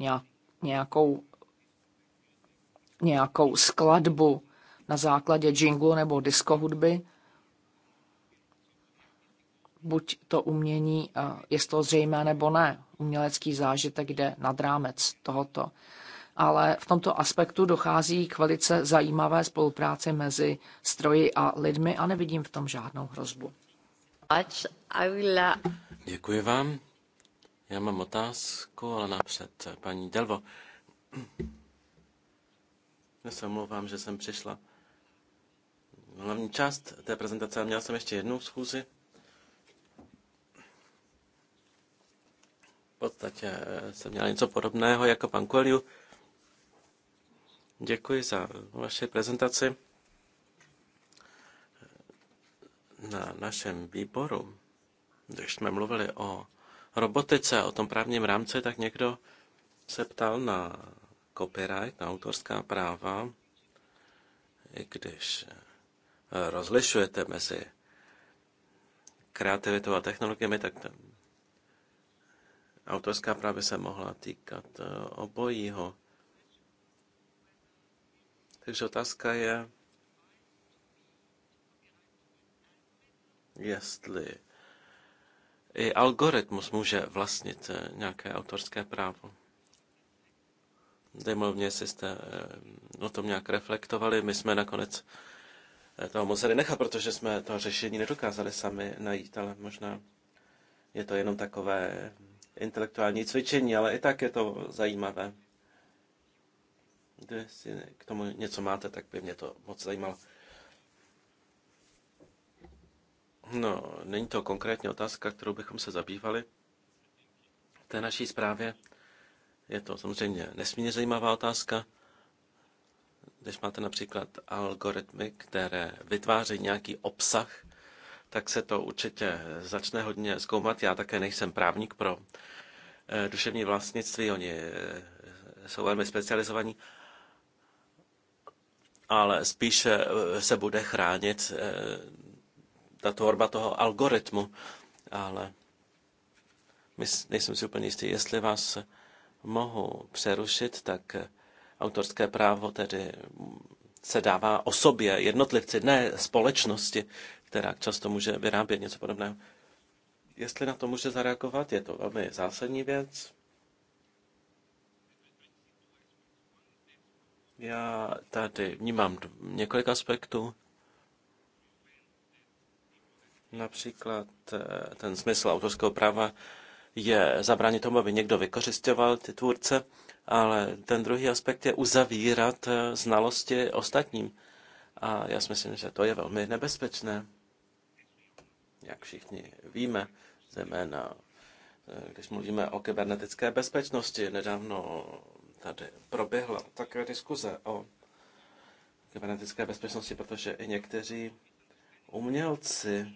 nějakou, nějakou skladbu na základě jinglu nebo diskohudby, buď to umění eh, je z toho zřejmé nebo ne. Umělecký zážitek jde nad rámec tohoto ale v tomto aspektu dochází k velice zajímavé spolupráci mezi stroji a lidmi a nevidím v tom žádnou hrozbu. Uh, Děkuji vám. Já mám otázku, ale napřed eh, paní Delvo. Já se omlouvám, že jsem přišla. Hlavní část té prezentace, měl jsem ještě jednu schůzi. V podstatě eh, jsem měla něco podobného jako pan Kueliu. Děkuji za vaši prezentaci. Na našem výboru, když jsme mluvili o robotice, o tom právním rámci, tak někdo se ptal na copyright, na autorská práva, i když rozlišujete mezi kreativitou a technologiemi, tak autorská práva se mohla týkat eh, obojího. Takže otázka je, jestli i algoritmus může vlastnit eh, nějaké autorské právo. mě, jestli jste eh, o tom nějak reflektovali. My jsme nakonec eh, toho museli nechat, protože jsme to řešení nedokázali sami najít, ale možná je to jenom takové intelektuální cvičení, ale i tak je to zajímavé si k tomu něco máte, tak by mě to moc zajímalo. No, není to konkrétně otázka, kterou bychom se zabývali v té naší zprávě. Je to samozřejmě nesmírně zajímavá otázka. Když máte například algoritmy, které vytvářejí nějaký obsah, tak se to určitě začne hodně zkoumat. Já také nejsem právník pro eh, duševní vlastnictví, oni eh, jsou velmi specializovaní, ale spíše eh, se bude chránit eh, ta tvorba toho algoritmu. Ale nejsem si úplně jistý, jestli vás mohu přerušit, tak eh, autorské právo tedy mm, se dává osobě, jednotlivci, ne společnosti, která často může vyrábět něco podobného. Jestli na to může zareagovat, je to velmi zásadní věc. Já tady vnímám několik aspektů. Například eh, ten smysl autorského práva je zabránit tomu, aby někdo vykořišťoval ty tvůrce, ale ten druhý aspekt je uzavírat eh, znalosti ostatním. A já si myslím, že to je velmi nebezpečné. Jak všichni víme, zejména eh, když mluvíme o kybernetické bezpečnosti, nedávno Tady proběhla také diskuze o kybernetické bezpečnosti, protože i někteří umělci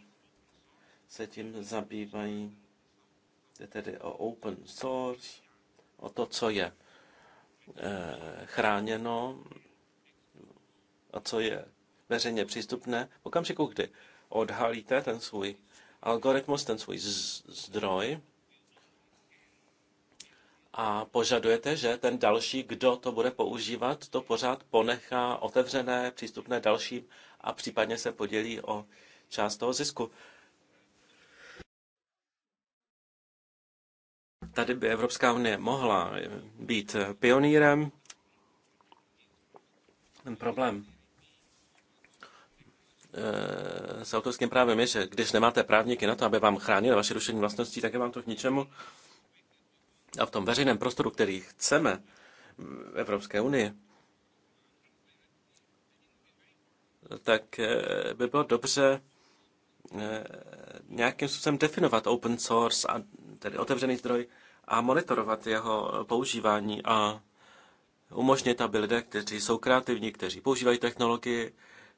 se tím zabývají. Jde tedy o open source, o to, co je eh, chráněno a co je veřejně přístupné. V okamžiku, kdy odhalíte ten svůj algoritmus, ten svůj zdroj, a požadujete, že ten další, kdo to bude používat, to pořád ponechá otevřené, přístupné dalším a případně se podělí o část toho zisku. Tady by Evropská unie mohla být pionýrem. Ten problém eh, s autorským právem je, že když nemáte právníky na to, aby vám chránili vaše rušení vlastnosti, tak je vám to k ničemu. A v tom veřejném prostoru, který chceme v Evropské unii, tak eh, by bylo dobře eh, nějakým způsobem definovat open source, a tedy otevřený zdroj, a monitorovat jeho používání a umožnit, aby lidé, kteří jsou kreativní, kteří používají technologii,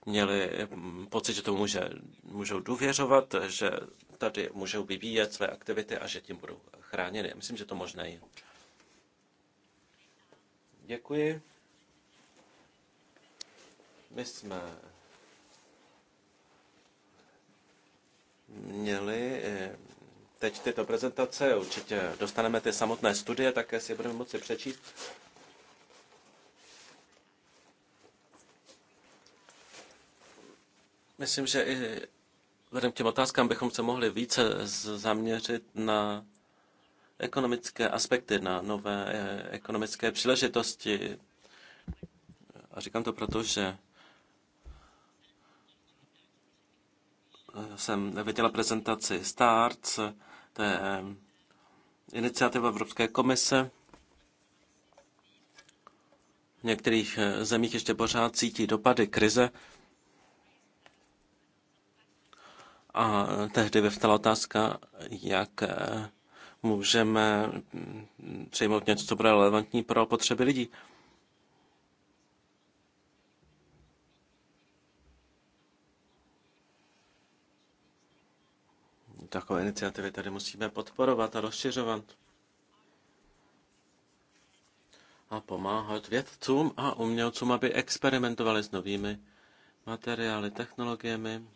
měli mm, pocit, že to může, můžou důvěřovat, že tady můžou vyvíjet své aktivity a že tím budou chráněny. Myslím, že to možné je. Děkuji. My jsme měli eh, teď tyto prezentace, určitě dostaneme ty samotné studie, také si je budeme moci přečíst. Myslím, že i vzhledem k těm otázkám bychom se mohli více zaměřit na ekonomické aspekty, na nové eh, ekonomické příležitosti. A říkám to proto, že eh, jsem viděla prezentaci START, to je eh, iniciativa Evropské komise. V některých zemích ještě pořád cítí dopady krize. A tehdy vyvstala otázka, jak můžeme přejmout něco, co bude relevantní pro potřeby lidí. Takové iniciativy tady musíme podporovat a rozšiřovat. A pomáhat vědcům a umělcům, aby experimentovali s novými materiály, technologiemi.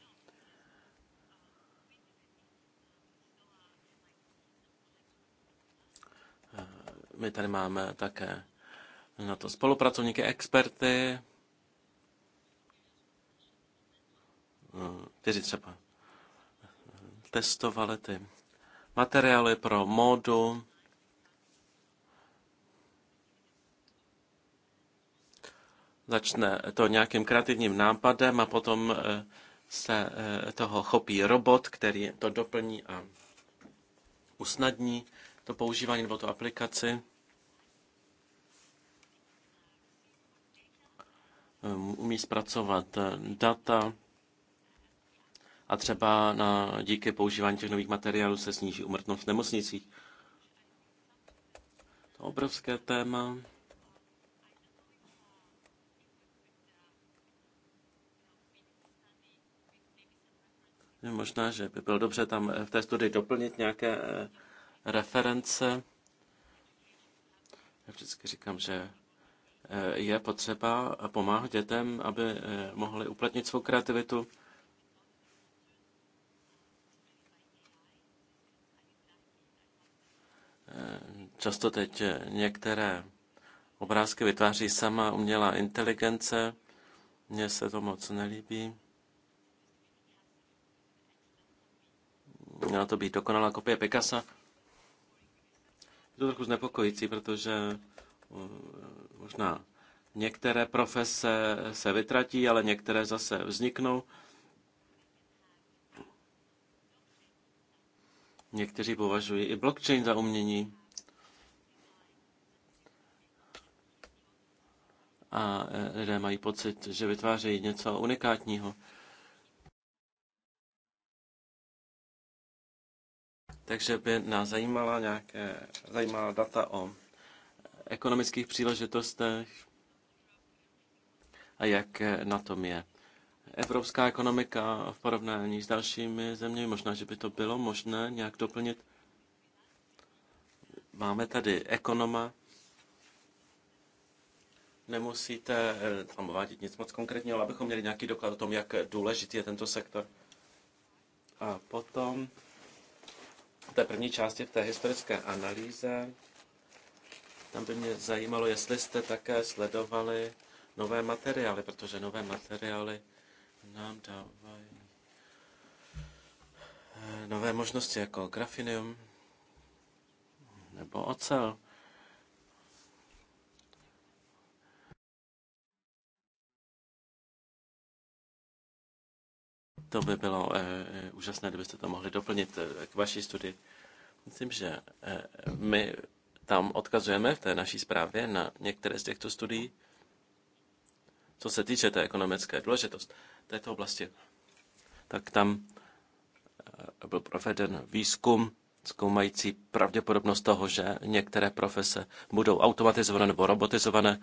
My tady máme také na to spolupracovníky, experty, eh, kteří třeba testovali ty materiály pro módu. Začne to nějakým kreativním nápadem a potom eh, se eh, toho chopí robot, který to doplní a usnadní to používání nebo tu aplikaci. Um, umí zpracovat eh, data a třeba na, díky používání těch nových materiálů se sníží umrtnost v nemocnicích. To je obrovské téma. Možná, že by bylo dobře tam eh, v té studii doplnit nějaké eh, reference. Já vždycky říkám, že Eh, je potřeba pomáhat dětem, aby eh, mohli uplatnit svou kreativitu. Eh, často teď některé obrázky vytváří sama umělá inteligence. Mně se to moc nelíbí. Měla to být dokonalá kopie Picasso. Je to trochu znepokojící, protože Možná některé profese se vytratí, ale některé zase vzniknou. Někteří považují i blockchain za umění. A lidé mají pocit, že vytvářejí něco unikátního. Takže by nás zajímala nějaké zajímala data o ekonomických příležitostech a jak na tom je evropská ekonomika v porovnání s dalšími zeměmi. Možná, že by to bylo možné nějak doplnit. Máme tady ekonoma. Nemusíte eh, tam vádět nic moc konkrétního, ale abychom měli nějaký doklad o tom, jak důležitý je tento sektor. A potom v té první části v té historické analýze tam by mě zajímalo, jestli jste také sledovali nové materiály, protože nové materiály nám dávají eh, nové možnosti jako grafinium nebo ocel. To by bylo e, úžasné, kdybyste to mohli doplnit k vaší studii. Myslím, že e, my tam odkazujeme v té naší zprávě na některé z těchto studií, co se týče té ekonomické důležitost této oblasti. Tak tam eh, byl proveden výzkum zkoumající pravděpodobnost toho, že některé profese budou automatizované nebo robotizované.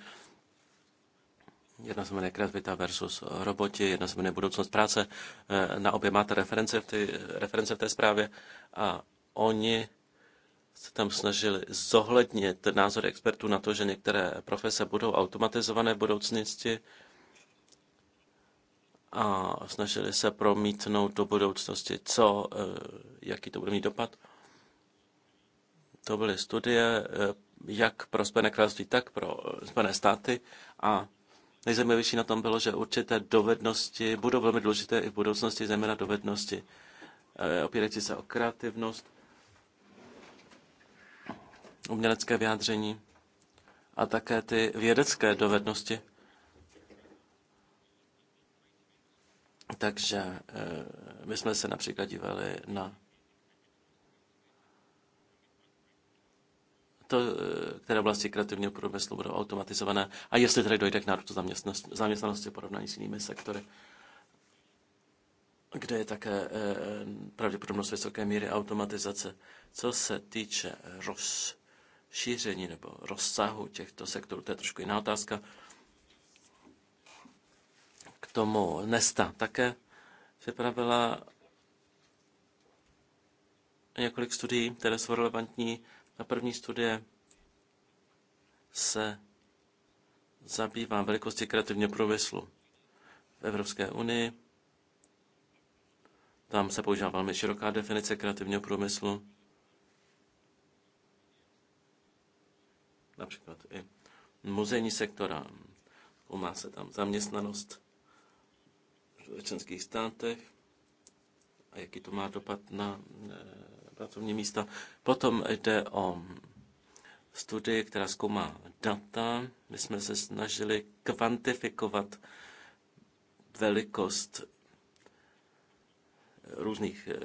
Jedna se jmenuje kreativita versus roboti, jedna se jmenuje budoucnost práce. Eh, na obě máte reference v, ty, reference v té zprávě a oni se tam snažili zohlednit názory expertů na to, že některé profese budou automatizované v budoucnosti a snažili se promítnout do budoucnosti, co, eh, jaký to bude mít dopad. To byly studie eh, jak pro Spojené království, tak pro eh, Spojené státy a nejzajímavější na tom bylo, že určité dovednosti budou velmi důležité i v budoucnosti, zejména dovednosti opírající se o kreativnost, umělecké vyjádření a také ty vědecké dovednosti. Takže eh, my jsme se například dívali na to, eh, které oblasti kreativního průmyslu budou automatizované a jestli tady dojde k nárůstu zaměstnanosti v porovnání s jinými sektory, kde je také eh, pravděpodobnost vysoké míry automatizace. Co se týče ROS, šíření nebo rozsahu těchto sektorů, to je trošku jiná otázka. K tomu Nesta také připravila několik studií, které jsou relevantní. Na první studie se zabývá velikosti kreativního průmyslu v Evropské unii. Tam se používá velmi široká definice kreativního průmyslu. například i muzejní sektora. Umá se tam zaměstnanost v členských státech a jaký to má dopad na eh, pracovní místa. Potom jde o studii, která zkoumá data. My jsme se snažili kvantifikovat velikost eh, různých eh,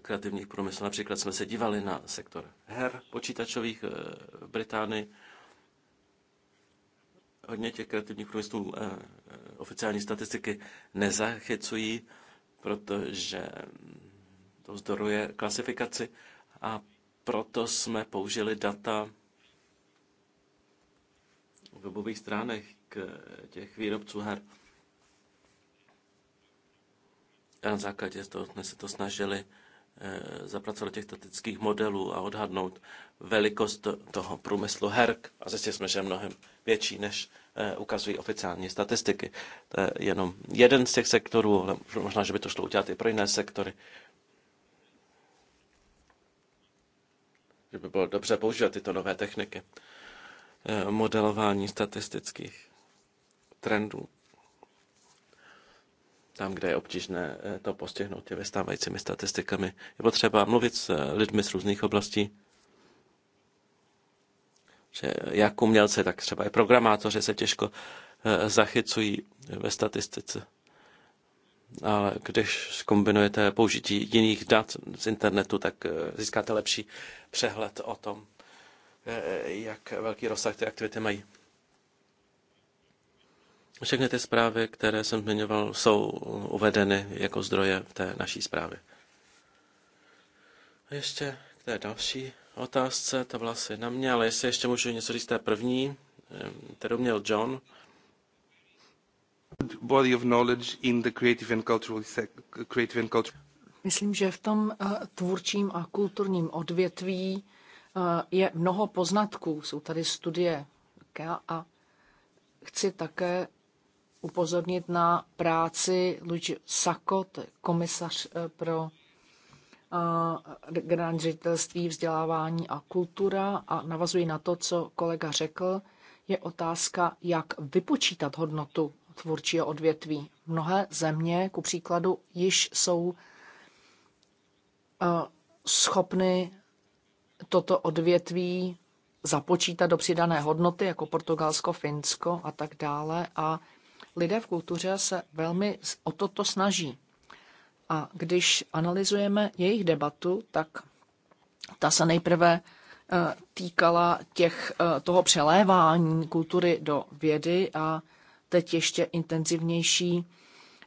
kreativních průmyslů. Například jsme se dívali na sektor her počítačových v Británii hodně těch kreativních průmyslů eh, eh, oficiální statistiky nezachycují, protože mm, to vzdoruje klasifikaci a proto jsme použili data webových stránek k eh, těch výrobců her. A na základě toho jsme se to snažili Eh, zapracovat do těch statických modelů a odhadnout velikost toho průmyslu herk a zjistili jsme, že je mnohem větší, než eh, ukazují oficiální statistiky. To je jenom jeden z těch sektorů, ale možná, že by to šlo udělat i pro jiné sektory. Že by bylo dobře používat tyto nové techniky eh, modelování statistických trendů tam, kde je obtížné eh, to postihnout těmi stávajícími statistikami. Je potřeba mluvit s eh, lidmi z různých oblastí, že jak umělci, tak třeba i programátoři se těžko eh, zachycují ve statistice. Ale když zkombinujete použití jiných dat z internetu, tak získáte lepší přehled o tom, jak velký rozsah ty aktivity mají. Všechny ty zprávy, které jsem zmiňoval, jsou uvedeny jako zdroje v té naší zprávě. A ještě k té další otázce, to byla asi na mě, ale jestli ještě můžu něco říct té první, eh, kterou měl John. Body of knowledge in the creative and cultural, creative and cultural. Myslím, že v tom eh, tvůrčím a kulturním odvětví eh, je mnoho poznatků. Jsou tady studie a chci také upozornit na práci Luigi Sacco, komisař eh, pro eh, generální ředitelství vzdělávání a kultura a navazuji na to, co kolega řekl, je otázka, jak vypočítat hodnotu tvůrčího odvětví. Mnohé země, ku příkladu, již jsou eh, schopny toto odvětví započítat do přidané hodnoty, jako Portugalsko, Finsko a tak dále. A lidé v kultuře se velmi o toto snaží. A když analyzujeme jejich debatu, tak ta se nejprve eh, týkala těch, eh, toho přelévání kultury do vědy a teď ještě intenzivnější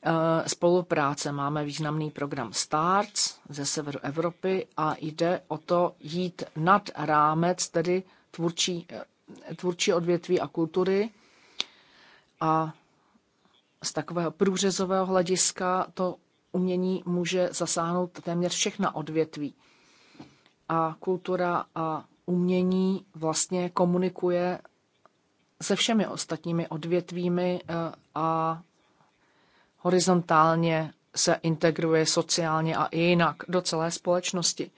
eh, spolupráce. Máme významný program STARTS ze severu Evropy a jde o to jít nad rámec tedy tvůrčí, tvůrčí odvětví a kultury a z takového průřezového hlediska to umění může zasáhnout téměř všechna odvětví. A kultura a umění vlastně komunikuje se všemi ostatními odvětvími eh, a horizontálně se integruje sociálně a i jinak do celé společnosti.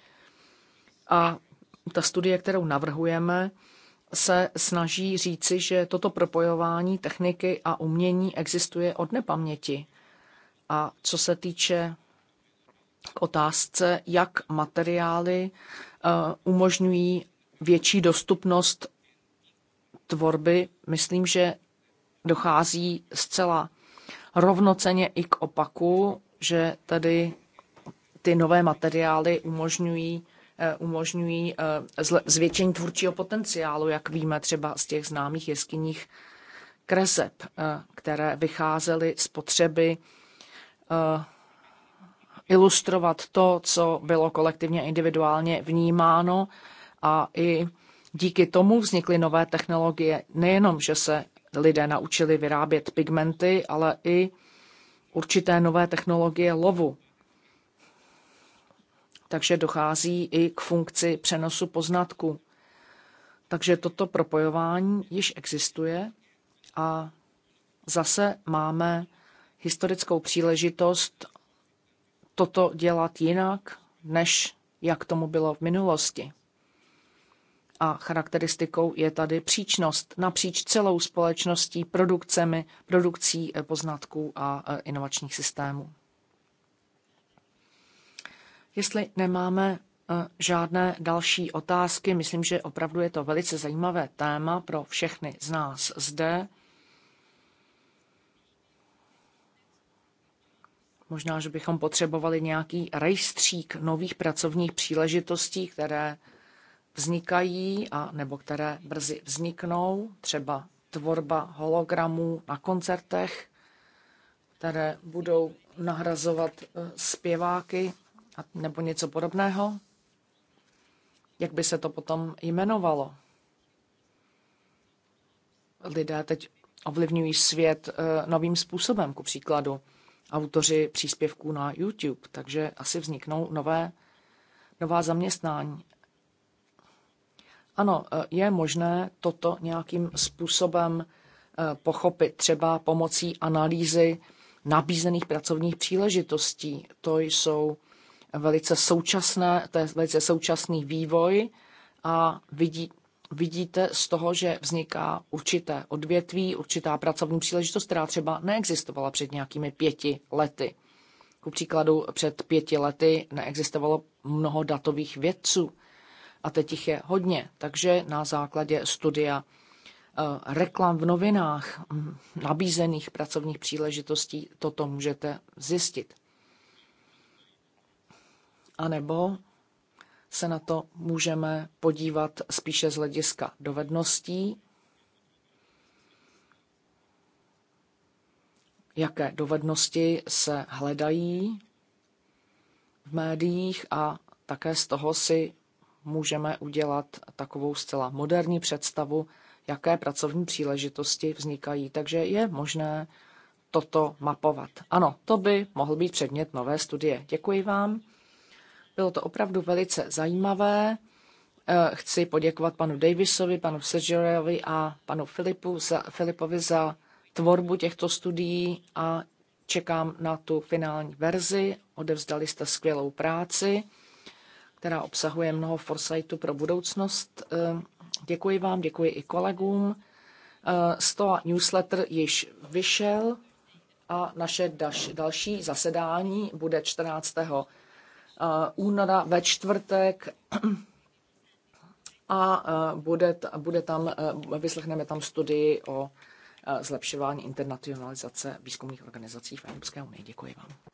A ta studie, kterou navrhujeme, se snaží říci, že toto propojování techniky a umění existuje od nepaměti. A co se týče k otázce, jak materiály eh, umožňují větší dostupnost tvorby, myslím, že dochází zcela rovnoceně i k opaku, že tedy ty nové materiály umožňují Eh, umožňují eh, zvětšení tvůrčího potenciálu, jak víme třeba z těch známých jeskyních kreseb, eh, které vycházely z potřeby ilustrovat to, co bylo kolektivně a individuálně vnímáno a i díky tomu vznikly nové technologie. Nejenom, že se lidé naučili vyrábět pigmenty, ale i určité nové technologie lovu, takže dochází i k funkci přenosu poznatku. Takže toto propojování již existuje a zase máme historickou příležitost toto dělat jinak, než jak tomu bylo v minulosti. A charakteristikou je tady příčnost napříč celou společností, produkcemi, produkcí eh, poznatků a eh, inovačních systémů. Jestli nemáme eh, žádné další otázky, myslím, že opravdu je to velice zajímavé téma pro všechny z nás zde. Možná, že bychom potřebovali nějaký rejstřík nových pracovních příležitostí, které vznikají a nebo které brzy vzniknou, třeba tvorba hologramů na koncertech, které budou nahrazovat eh, zpěváky nebo něco podobného? Jak by se to potom jmenovalo? Lidé teď ovlivňují svět eh, novým způsobem, ku příkladu autoři příspěvků na YouTube, takže asi vzniknou nové, nová zaměstnání. Ano, eh, je možné toto nějakým způsobem eh, pochopit, třeba pomocí analýzy nabízených pracovních příležitostí. To jsou velice, současné, to je velice současný vývoj a vidí, vidíte z toho, že vzniká určité odvětví, určitá pracovní příležitost, která třeba neexistovala před nějakými pěti lety. Ku příkladu před pěti lety neexistovalo mnoho datových vědců a teď jich je hodně, takže na základě studia eh, reklam v novinách, mm, nabízených pracovních příležitostí, toto můžete zjistit anebo se na to můžeme podívat spíše z hlediska dovedností, jaké dovednosti se hledají v médiích a také z toho si můžeme udělat takovou zcela moderní představu, jaké pracovní příležitosti vznikají. Takže je možné toto mapovat. Ano, to by mohl být předmět nové studie. Děkuji vám. Bylo to opravdu velice zajímavé. Eh, chci poděkovat panu Davisovi, panu Sergiovi a panu Filipu za, Filipovi za tvorbu těchto studií a čekám na tu finální verzi. Odevzdali jste skvělou práci, která obsahuje mnoho foresightu pro budoucnost. Eh, děkuji vám, děkuji i kolegům. Stoa eh, newsletter již vyšel a naše další zasedání bude 14. Eh, února ve čtvrtek a eh, bude, bude tam, eh, vyslechneme tam studii o zlepšování internacionalizace výzkumných organizací v Evropské unii. Děkuji vám.